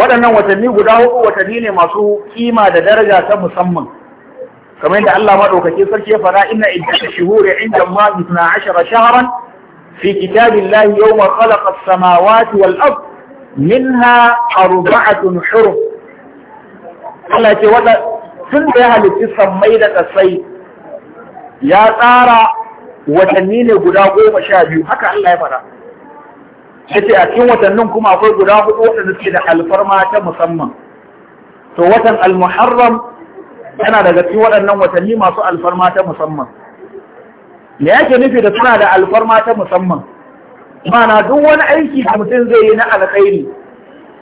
waɗannan watanni guda hudu watanni ne masu kima da daraja ta musamman kamar yadda Allah madaukake sarki ya fara inna iddatu shuhuri inda ma 12 shahran fi kitabillahi yawma khalaqa as-samawati wal ard minha arba'atun hurum Allah ce wada tun da ya halitti sammai da kasai ya tsara watanni ne guda goma sha biyu haka Allah ya fara yace a cikin watannin kuma akwai guda hudu waɗanda suke da alfarma ta musamman to watan al-muharram yana daga cikin waɗannan watanni masu alfarma ta musamman me yake nufi da suna da alfarma ta musamman mana duk wani aiki da mutum zai yi na alkhairi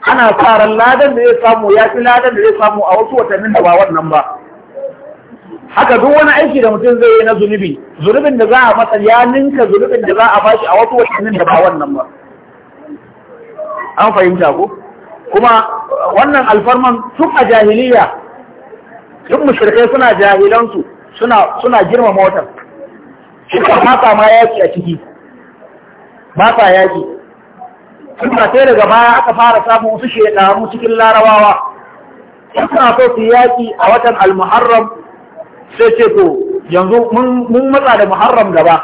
ana sa ladan da zai samu ya fi ladan da zai samu a wasu watannin da ba wannan ba haka duk wani aiki da mutum zai yi na zunubi zunubin da za a masa ya ninka zunubin da za a bashi a wasu watannin da ba wannan ba an fahimta ko kuma wannan alfarman tun a jahiliya duk mushrikai suna jahilansu suna suna girmama watan shi ka mata ma yaki a ciki ba sa sun suna sai daga baya aka fara samun wasu shekaru cikin larabawa suna so su yaki a watan al-muharram sai ce to yanzu mun matsa da muharram gaba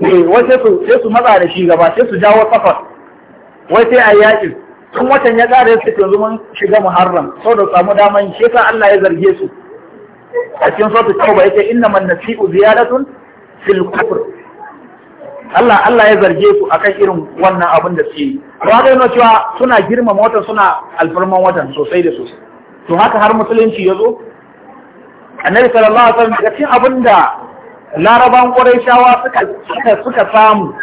ne eh, su sai su matsa da shi gaba sai su jawo safar wai sai a yaƙin tun watan ya ƙara su yanzu mun shiga muharram sau da samu daman shi sa Allah ya zarge su a cikin sautu tauba yake inna man nasi'u ziyaratun fil kufr Allah Allah ya zarge su akan irin wannan abin da suke yi ba ga yana cewa suna girmama watan suna alfarman watan sosai da sosai to haka har musulunci ya zo annabi sallallahu alaihi wasallam cikin cin abin da laraban ƙurayshawa suka suka samu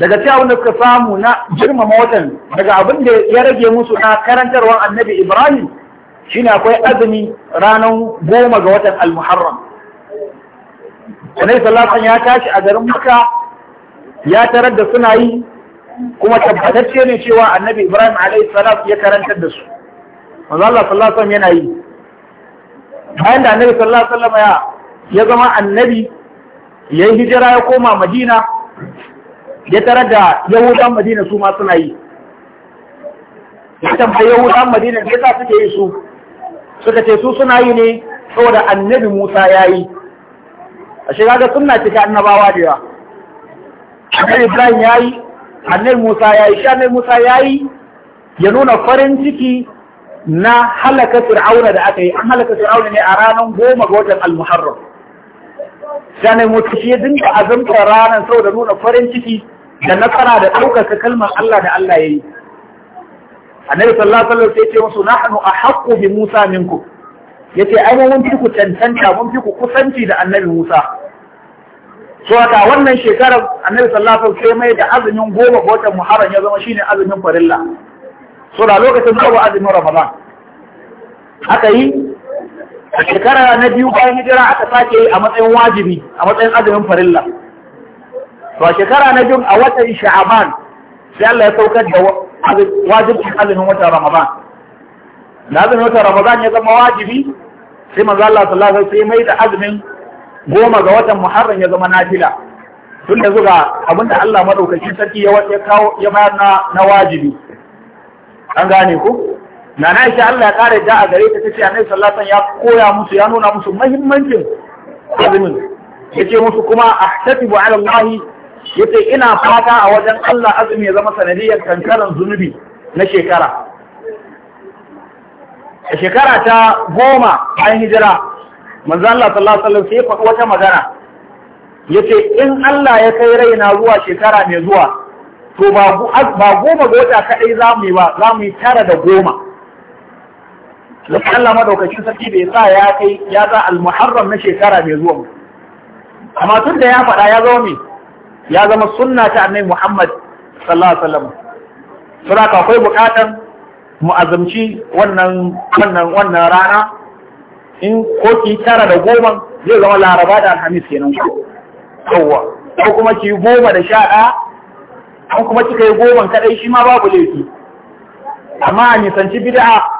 daga ta abin da suka samu na girmama watan daga abin da ya rage musu na karantarwar annabi ibrahim shine akwai azumi ranar goma ga watan almuharram muharram sallallahu alaihi ya tashi a garin maka ya tarar da suna yi kuma tabbatacce ne cewa annabi ibrahim alaihi salam ya karantar da su manzo Allah sallallahu alaihi yana yi bayan da annabi sallallahu alaihi ya zama annabi yayi hijira ya koma madina ya tarar da yahudan madina su masu suna yi ya tambayi yahudan madina ya za suke yi su suka ce su suna yi ne saboda annabi musa ya yi a shiga ga suna cika annabawa da yawa annabi ibrahim ya yi annabi musa ya yi shi musa ya yi ya nuna farin ciki na halaka fir'auna da aka yi an halaka fir'auna ne a ranar goma ga watan al-muharram sanai mutu shi ya dinga azumta ranar sau da nuna farin ciki da nasara da ɗaukaka kalmar Allah da Allah ya yi. Annabi sallallahu alaihi wasallam ya ce musu nahnu ahqqu bi Musa minku. Yace ai mun fi ku tantanta mun fi ku kusanci da Annabi Musa. So haka wannan shekarar Annabi sallallahu sai mai da azumin goma ga watan Muharram ya zama shine azumin farilla. So da lokacin ba azumin Ramadan. Aka yi a shekara na biyu bayan hijira aka sake a matsayin wajibi a matsayin azumin farilla to a shekara na biyu a watan sha'aban sai Allah ya saukar da wajibcin azumin watan ramadan da azumin watan ramadan ya zama wajibi sai manzo Allah sallallahu alaihi wasallam mai da azumin goma ga watan muharram ya zama nafila tun da zuga abinda Allah madaukakin sarki ya kawo ya bayar na wajibi an gane ku na na Allah ya kare da a gare ta tace annabi sallallahu alaihi wasallam ya koya musu ya nuna musu muhimmancin azumin yace musu kuma ahtatibu ala Allah yace ina fata a wajen Allah azumi ya zama sanadiyar kankaran zunubi na shekara a shekara ta goma bayan hijira manzo Allah sallallahu alaihi wasallam sai faɗi wata magana yace in Allah ya kai raina zuwa shekara mai zuwa to ba goma wata kadai za mu yi ba za tara da goma duk Allah madaukakin sarki bai sa ya kai ya sa al-muharram na shekara mai zuwa amma tun da ya faɗa ya zama me ya zama sunna ta annabi Muhammad sallallahu alaihi wasallam ka akwai buƙatan mu azumci wannan wannan wannan rana in ko ki tara da goma zai zama laraba da alhamis kenan ko yawa ko kuma ki goma da sha ko kuma kika yi goma kaɗai shi ma babu laifi amma a nisanci bid'a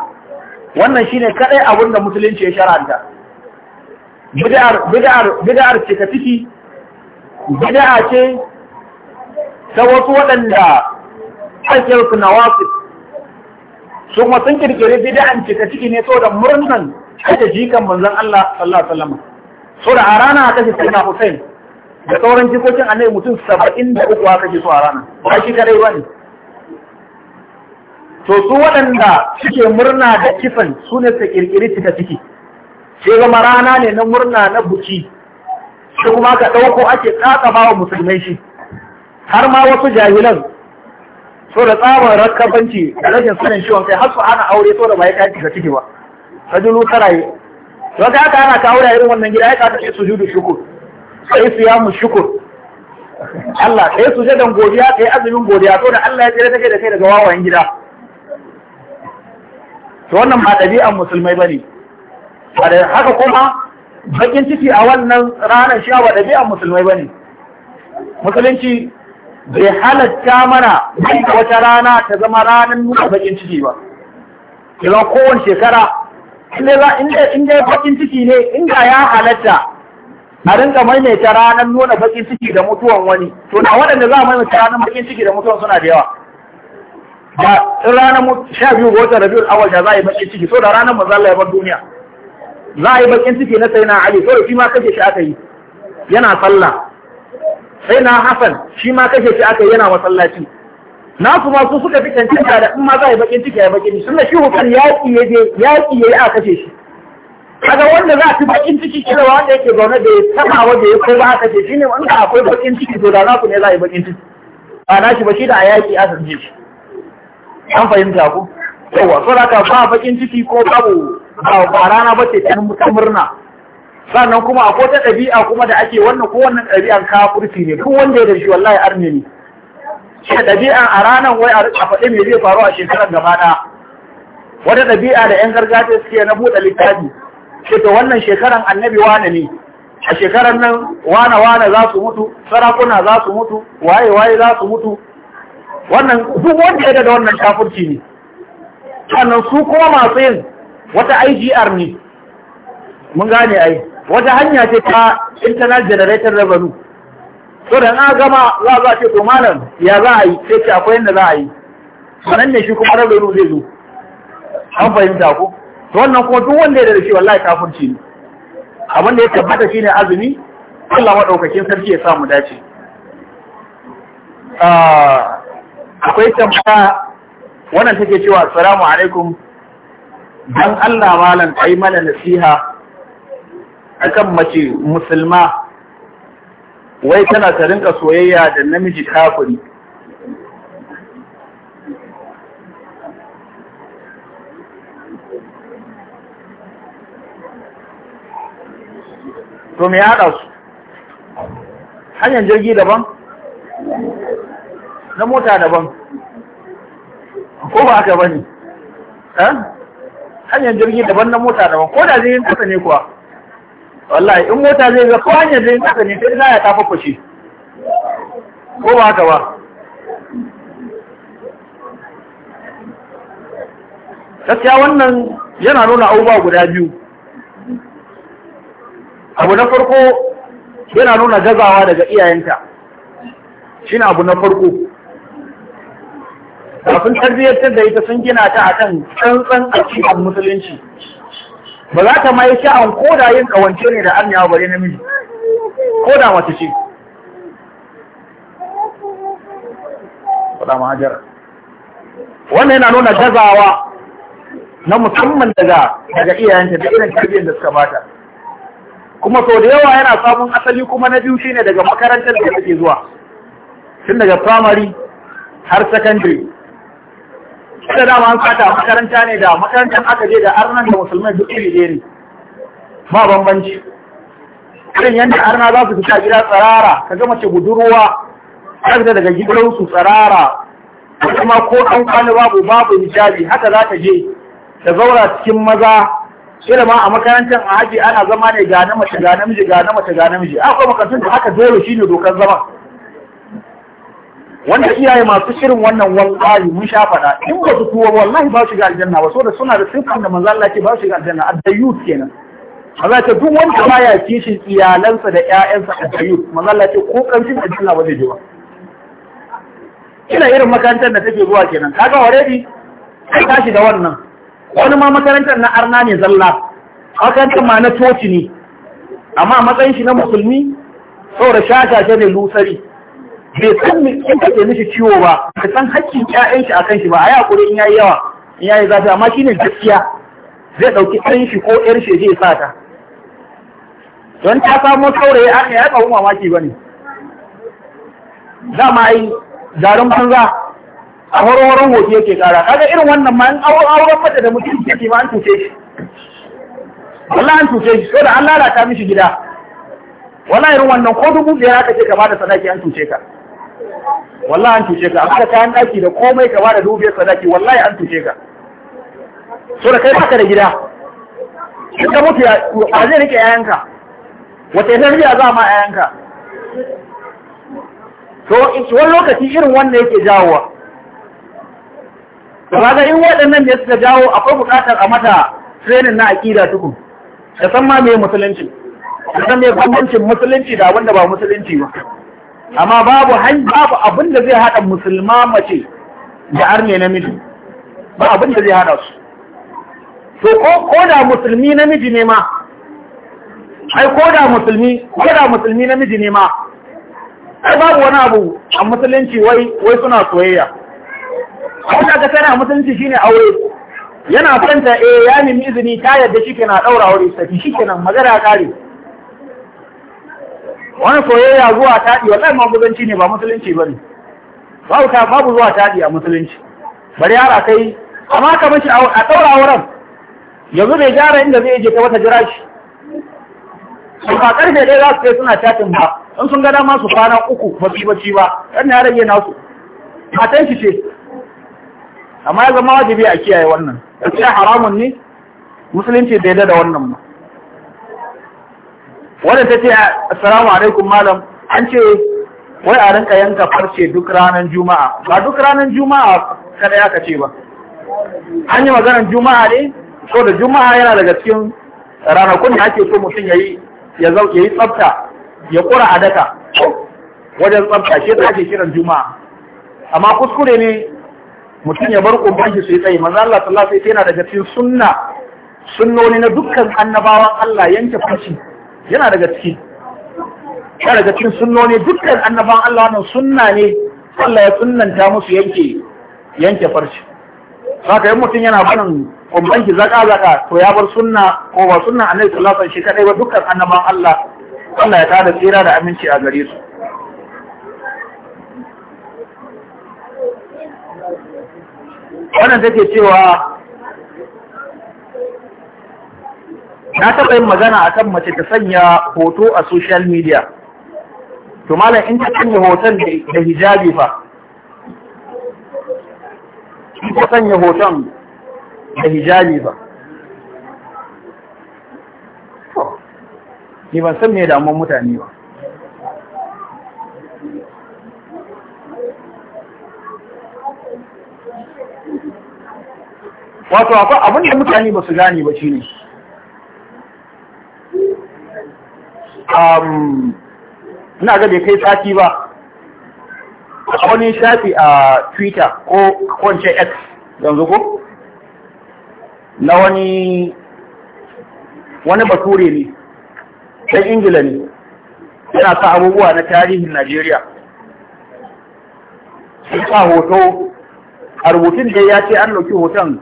wannan shine kadai abin da musulunci ya shar'anta bid'ar bid'ar bid'ar ce ta ciki bid'a ce ta wasu waɗanda aikiyar su nawasu su kuma sun kirkiri bid'an ce ta ciki ne saboda murnan kashe jikan manzon Allah sallallahu alaihi wasallam saboda a rana aka kashe Sayyidina Hussein da sauran jikokin annabi mutum 73 aka kashe su a rana ba shi kadai ba ne to su waɗanda suke murna da kifan su ne su ƙirƙiri cika ciki sai zama rana ne na murna na buki shi kuma ka ɗauko ake ba wa musulmai shi har ma wasu jahilan so da tsawon rakabanci da rashin sanin shi wanke har su ana aure so da ba ya kai cika ciki ba ta raye. to ga aka ana kawo da irin wannan gida ya ke su judu shukur sai su mu shukur Allah sai don godiya kai azumin godiya to da Allah ya tsere take da kai daga wawayen gida to wannan ba ɗabi'an musulmai bane haka kuma bakin ciki a wannan ranar shi ba ɗabi'an musulmai bane musulunci bai halatta mana da wata rana ta zama ranar nuna bakin ciki ba kiran kowane shekara inda ya bakin ciki ne inda ya halatta a rinka maimaita ranar nuna bakin ciki da mutuwan wani to na waɗanda za a maimaita ranar bakin ciki da mutuwan suna da yawa da ranar sha biyu ga watan rabiul awal da za a yi bakin ciki so da ranar manzo Allah ya bar duniya za a yi bakin ciki na sayyidina Ali so da shi ma kashe shi aka yi yana sallah sayyidina Hassan shi ma kashe shi aka yi yana masallaci na kuma su suka fi cancanta da in ma za a yi bakin ciki ya bakin ciki sunna shi hukan yaƙi ya je yaƙi ya yi a kashe shi kaga wanda za a fi bakin ciki kira wanda yake zaune da ya taba wanda ya ko ba a ce, shi ne wanda akwai bakin ciki to da za ku ne za a yi bakin ciki ba na shi ba shi da a yaƙi a sanje shi an fahimta ku yawa so da ba bakin ciki ko babu ba rana ba ce ta murna sannan kuma akwai ta ɗabi'a kuma da ake wannan ko wannan ɗabi'an kurfi ne duk wanda ya da shi wallahi arne ne shi ɗabi'an a ranar wai a faɗi mai zai faru a shekarar gaba ɗaya wata ɗabi'a da 'yan gargajiya suke na buɗe littafi ce to wannan shekarar annabi wane ne a shekarar nan wane wane za su mutu sarakuna za su mutu waye waye za su mutu wannan duk wanda ya da wannan kafirci ne sannan su kuma masu yin wata IGR ne mun gane ai wata hanya ce ta internal generator revenue So da na gama za a ce to malam ya za a yi sai ce akwai yadda za a yi sannan ne shi kuma revenue zai zo an fahimta ko to wannan kuma duk wanda ya daga shi wallahi kafirci ne abin da ya tabbata shi ne azumi Allah maɗaukakin sarki ya samu dace ah, akwai tambaya wannan take cewa assalamu alaikum dan Allah malam ai mana nasiha akan mace musulma wai tana ta rinka soyayya da namiji kafiri to me ya su hanyar jirgi daban na mota daban ko ba haka bane eh hanyar jirgi daban na mota daban ko da zai kasa ne kuwa wallahi in mota zai ga ko hanyar zai kasa ne sai ya ta fafashi ko ba haka ba gaskiya wannan yana nuna abubuwa guda biyu abu na farko yana nuna gazawa daga iyayenta shi abu na farko kafin tarbiyyar da ita sun gina ta akan tsantsan aƙidar musulunci ba za ta mai sha'an ko da yin kawance ne da arniya bare namiji ko da mace ce wannan yana nuna gazawa na musamman daga daga iyayenta da irin tarbiyyar da suka bata kuma sau da yawa yana samun asali kuma na biyu shine daga makarantar da take zuwa tun daga primary har secondary kada dama an sata a makaranta ne da makarantar aka je da arna da musulmai duk iri ne ba bambanci irin yadda arna za su fita gida tsarara, ka ga mace budurwa ta fita daga gidansu tsirara wata kuma ko ɗan kwani babu babu hijabi haka za ta je ta zaura cikin maza irin ma a makarantar a haji ana zama ne ga namiji mace ga namiji ga namiji akwai makarantun da haka dole shine dokar zama wanda iyaye masu shirin wannan wallahi mun sha faɗa in ba su tuwa wallahi ba shiga aljanna ba saboda suna da sifan da manzo Allah ke ba shiga aljanna addayut kenan Allah ta duk wanda baya kishin iyalansa da ƴaƴansa addayut manzo Allah ce ko kancin aljanna ba zai je ba kina irin makarantar da take zuwa kenan kaga already sai tashi shiga wannan wani ma makarantar na arna ne zalla makarantar ma na toci ne amma matsayin shi na musulmi saboda shashashe ne lusari bai san mai in kake mishi ciwo ba ka san hakkin ƴaƴan shi akan shi ba ayi hakuri in yayi yawa in yayi zafi amma shine gaskiya zai dauki ɗan shi ko ƴar shi zai sa ta don ta samo saurayi aka ya kawo mamaki bane ma ai garin banza a horo-horon hoto yake kara kaga irin wannan ma in auren mata da mutum yake ma an tuce shi Allah an tuce shi saboda an lalata mishi gida Wala irin wannan ko dubu biyar aka ce ka da sadaki an tuce ka wallahi an tushe ka amma kayan daki da komai ka bada dubiyar sadaki wallahi an tushe ka so da kai baka da gida in ka mutu ya a zai rike yayanka wata yasan riya za ma yayanka to wani lokaci irin wannan yake jawowa kaga in waɗannan da suka jawo akwai buƙatar a mata training na aƙida tukun da san ma me musulunci da san me bambancin musulunci da wanda ba musulunci ba amma babu babu abin da zai haɗa musulma mace da na namiji ba abin da zai haɗa su to ko da musulmi namiji ne ma ai ko da musulmi ko da musulmi namiji ne ma ai babu wani abu a musulunci wai wai suna soyayya abin da aka sani a musulunci shine aure yana kanta eh ya nemi izini ta yadda shi kenan ɗaura aure saki shi kenan magana kare wani soyayya zuwa taɗi wallahi maguzanci ne ba musulunci ba ne babu ta babu zuwa taɗi a musulunci bari yara kai amma ka mace a ɗaura wurin yanzu bai gyara inda zai je ta wata jira shi ba ƙarfe ɗaya za su kai suna chatin ba in sun ga dama su kwana uku ba su bacci ba ɗan ya rage nasu matan shi ce amma ya zama wajibi a kiyaye wannan gaskiya haramun ne musulunci bai da wannan ba wadda ta ce assalamu alaikum malam an ce wai a rinka yanka farce duk ranar juma'a ba duk ranar juma'a kada ya kace ba an yi maganar juma'a ne so da juma'a yana daga cikin ranakun da ake so mutum ya yi ya tsafta ya kura a daka wajen tsafta shi da ake kiran juma'a amma kuskure ne mutum ya bar kumban shi sai tsaye manzo Allah sallallahu alaihi wasallam yana daga cikin sunna sunnoni na dukkan annabawan Allah yanke farce yana daga ciki yana daga cikin sunnoni dukkan annaban Allah wannan sunna ne Allah ya sunnanta musu yanke yanke farci saka yin mutum yana barin kumban ki zaka zaka to ya bar sunna ko ba sunna annabi sallallahu alaihi wasallam shi kadai ba dukkan annaban Allah Allah ya tada tsira da aminci a gare su wannan take cewa na taɓa yin magana akan mace ta sanya hoto a social media to malam in ta sanya hoton da hijabi fa in ta sanya hoton da hijabi fa ni ban san me damuwar mutane ba wato akwai abin da mutane ba su gane ba shi ne. Um, ina ga bai kai sati ba wani shafi a twitter ko kwance x yanzu ko na wani wani bature ne ɗan ingila ne yana sa abubuwa na tarihin najeriya sun sa hoto a rubutun da ya ce an ɗauki hoton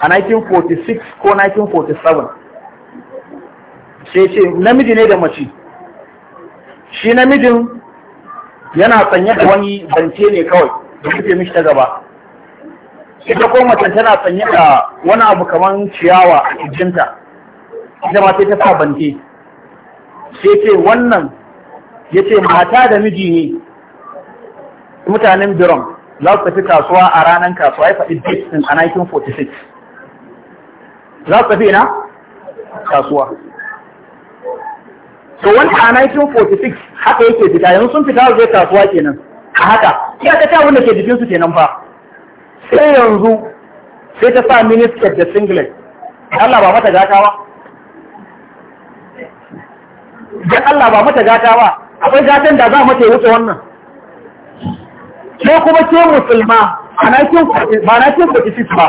a 1946 ko 1947 sai ce namiji ne da mace shi namijin yana sanye da wani zance ne kawai da kuke mishi ta gaba ita ko mace tana sanye da wani abu kamar ciyawa a kirjinta ita ma sai ta sa bante sai ce wannan ya ce mata da miji ne mutanen biron za su tafi kasuwa a ranar kasuwa ya faɗi date a 1946 za su tafi na kasuwa to wanda a 1946 haka yake fita yanzu sun fita zai kasuwa kenan a haka ya ta ta wanda ke jikin su kenan fa sai yanzu sai ta sa minister da singlet Allah ba mata gata ba da Allah ba mata gata ba akwai gatan da za mata wuce wannan ke kuma ke musulma a 1946 ba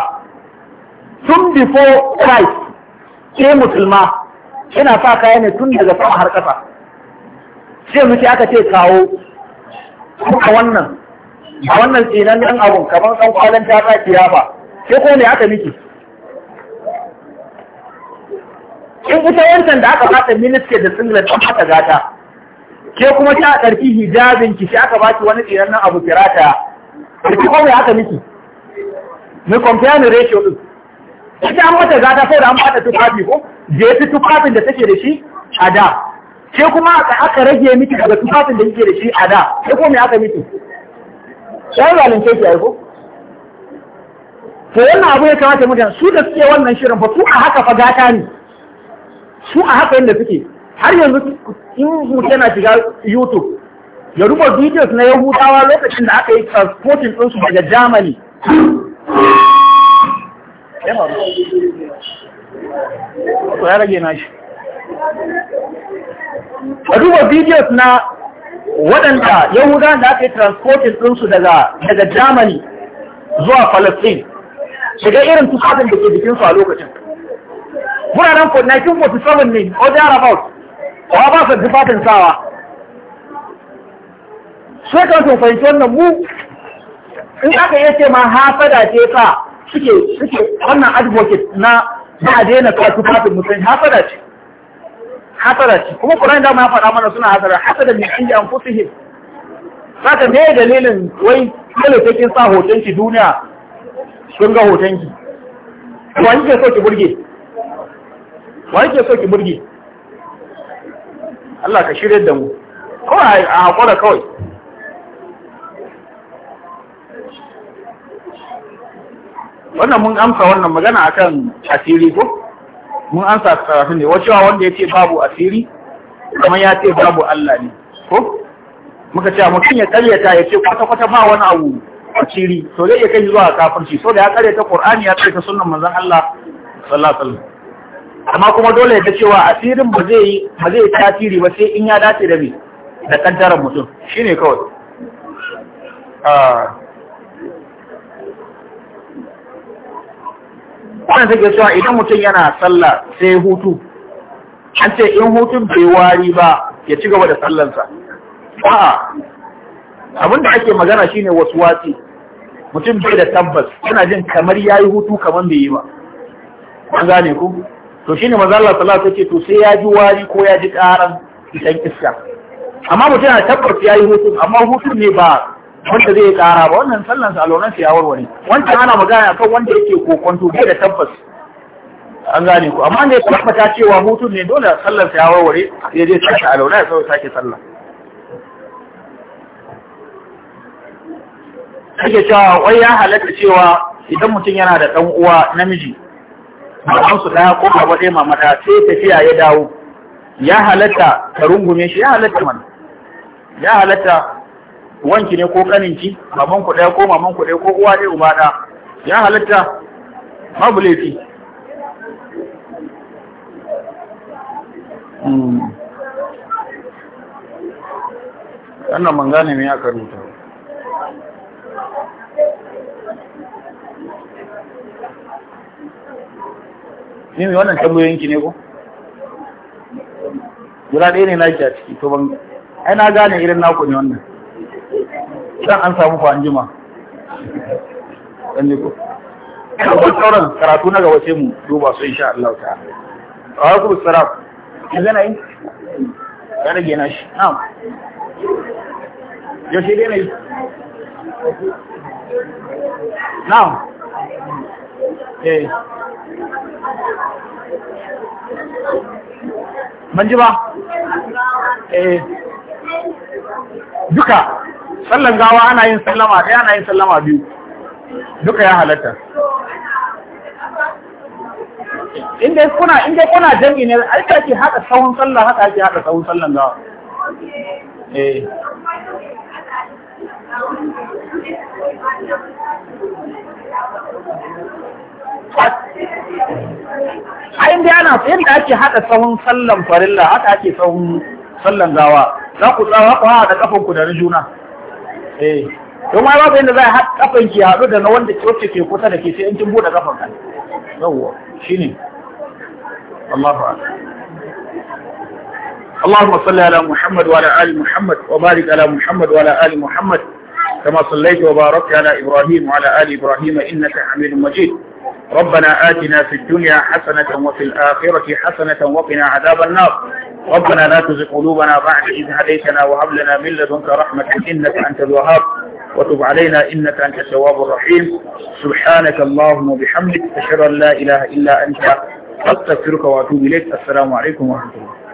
sun before Christ ke musulma yana sa kaya ne tun daga sama har ƙasa sai ce aka ce kawo a wannan a wannan tsinan ɗan abun kamar ɗan kwalon ta sa ba sai ko ne aka miki in ita wancan da aka fata minister da singlet ta fata gata ke kuma ta ɗarki hijabin ki shi aka baki wani tsinan ɗan abu kirata Sai ko ne aka miki mai compare ratio ɗin ita an mata gata sai da an fata tufafi ko jefi tufafin da take da shi a da ke kuma aka rage miki daga tufafin da yake da shi a da ke kome aka miki sai zalunce ki aiko to wannan abu ya kamata mutane su da suke wannan shirin fa su a haka fa gata ne su a haka yadda suke har yanzu in mutum yana shiga youtube ya rubar videos na yahudawa lokacin da aka yi transportin ɗinsu daga germany ya rage nashi a duba videos na waɗanda yahudan da aka yi transportin ɗinsu daga germany zuwa palestine shiga irin tufafin da ke jikinsu a lokacin wuraren 1947 ne o thereabout ba ba su tufafin sawa sai kan sun fahimci wannan mu in aka yi ce ma hafada ce ta suke wannan advocate na za a daina kasu fatin musulmi hasada ce hasada ce kuma Qur'ani da ya faɗa mana suna hasada mai an yi an fusihi saka me dalilin wai dole sai kin sa hoton ki duniya kun ga hoton ki wani ke so ki burge wani ke so ki burge Allah ka shirye da mu kawai a haƙura kawai wannan mun amsa wannan magana akan asiri ko mun amsa karatu ne wacewa wanda ya ce babu asiri kamar ya ce babu Allah ne ko muka ce mutum ya karyata ya ce kwata-kwata ba wani abu asiri to zai iya kai zuwa kafirci so da ya karyata Qur'ani ya karyata sunnan manzon Allah sallallahu alaihi wasallam amma kuma dole ya cewa asirin ba zai ba zai tasiri ba sai in ya dace da me da kaddarar mutum shine kawai ah. wannan take cewa idan mutum yana sallah sai hutu an ce in hutun bai wari ba ya ci gaba da sallansa a'a abin da ake magana shine wasu wasi mutum bai da tabbas yana jin kamar yayi hutu kamar bai yi ba an gane ku to shine manzo Allah sallallahu alaihi ce to sai ya ji wari ko ya ji karan idan iska amma mutum yana tabbas yayi hutu amma hutun ne ba wanda zai kara ba wannan sallan sa alolan sa ya warware wanda ana magana akan wanda yake kokonto bai da tabbas an gane ku amma ne ta cewa hutun ne dole sallan sa ya warware ya je sake alola ya sake sallah ake cewa wai ya halatta cewa idan mutum yana da ɗan uwa namiji su ɗaya ko baba ɗaya mama ɗaya sai tafiya ya dawo ya halatta Ta rungume shi ya halatta mana ya halatta wanki ne ko kaninki maman ku ɗaya ko maman ku ɗaya ko uwa ɗaya uba ɗaya ya halatta babu laifi hmm. wannan man gane me aka rubuta ne mai wannan tambayoyinki ne ko guda ɗaya ne na a ciki to ban ai na gane irin naku ne wannan idan an samu ku an jima dan ko kamar sauran karatu na gaba sai mu duba su insha Allah ta'ala wa alaikum assalam kin gana yi ya rage na shi na'am yau shi dai ne na'am eh ban ji eh duka sallan gawa ana yin sallama ɗaya ana yin sallama biyu duka ya halatta inda kuna inda kuna jami ne ai ake haɗa tsawon sallah haka ake haɗa tsawon sallan gawa eh a inda yana yadda ake haɗa tsawon sallan farilla haka ake tsawon sallan gawa za ku tsawon haɗa ƙafanku da da juna don eh. ma ba inda za a haɗa kafan ki haɗu da na wanda ke ke kusa da ke sai in kin buɗe kafan ka yawwa shine Allahu akbar Allahumma salli ala Muhammad wa ala ali Muhammad wa barik ala Muhammad wa ala ali Muhammad kama sallaita wa barakta ala Ibrahim wa ala ali Ibrahim innaka Hamidum Majid ربنا آتنا في الدنيا حسنة وفي الآخرة حسنة وقنا عذاب النار ربنا لا تزغ قلوبنا بعد إذ هديتنا وهب لنا من لدنك رحمة إنك أنت الوهاب وتب علينا إنك أنت التواب الرحيم سبحانك اللهم وبحمدك أشهد أن لا إله إلا أنت أستغفرك وأتوب إليك السلام عليكم ورحمة الله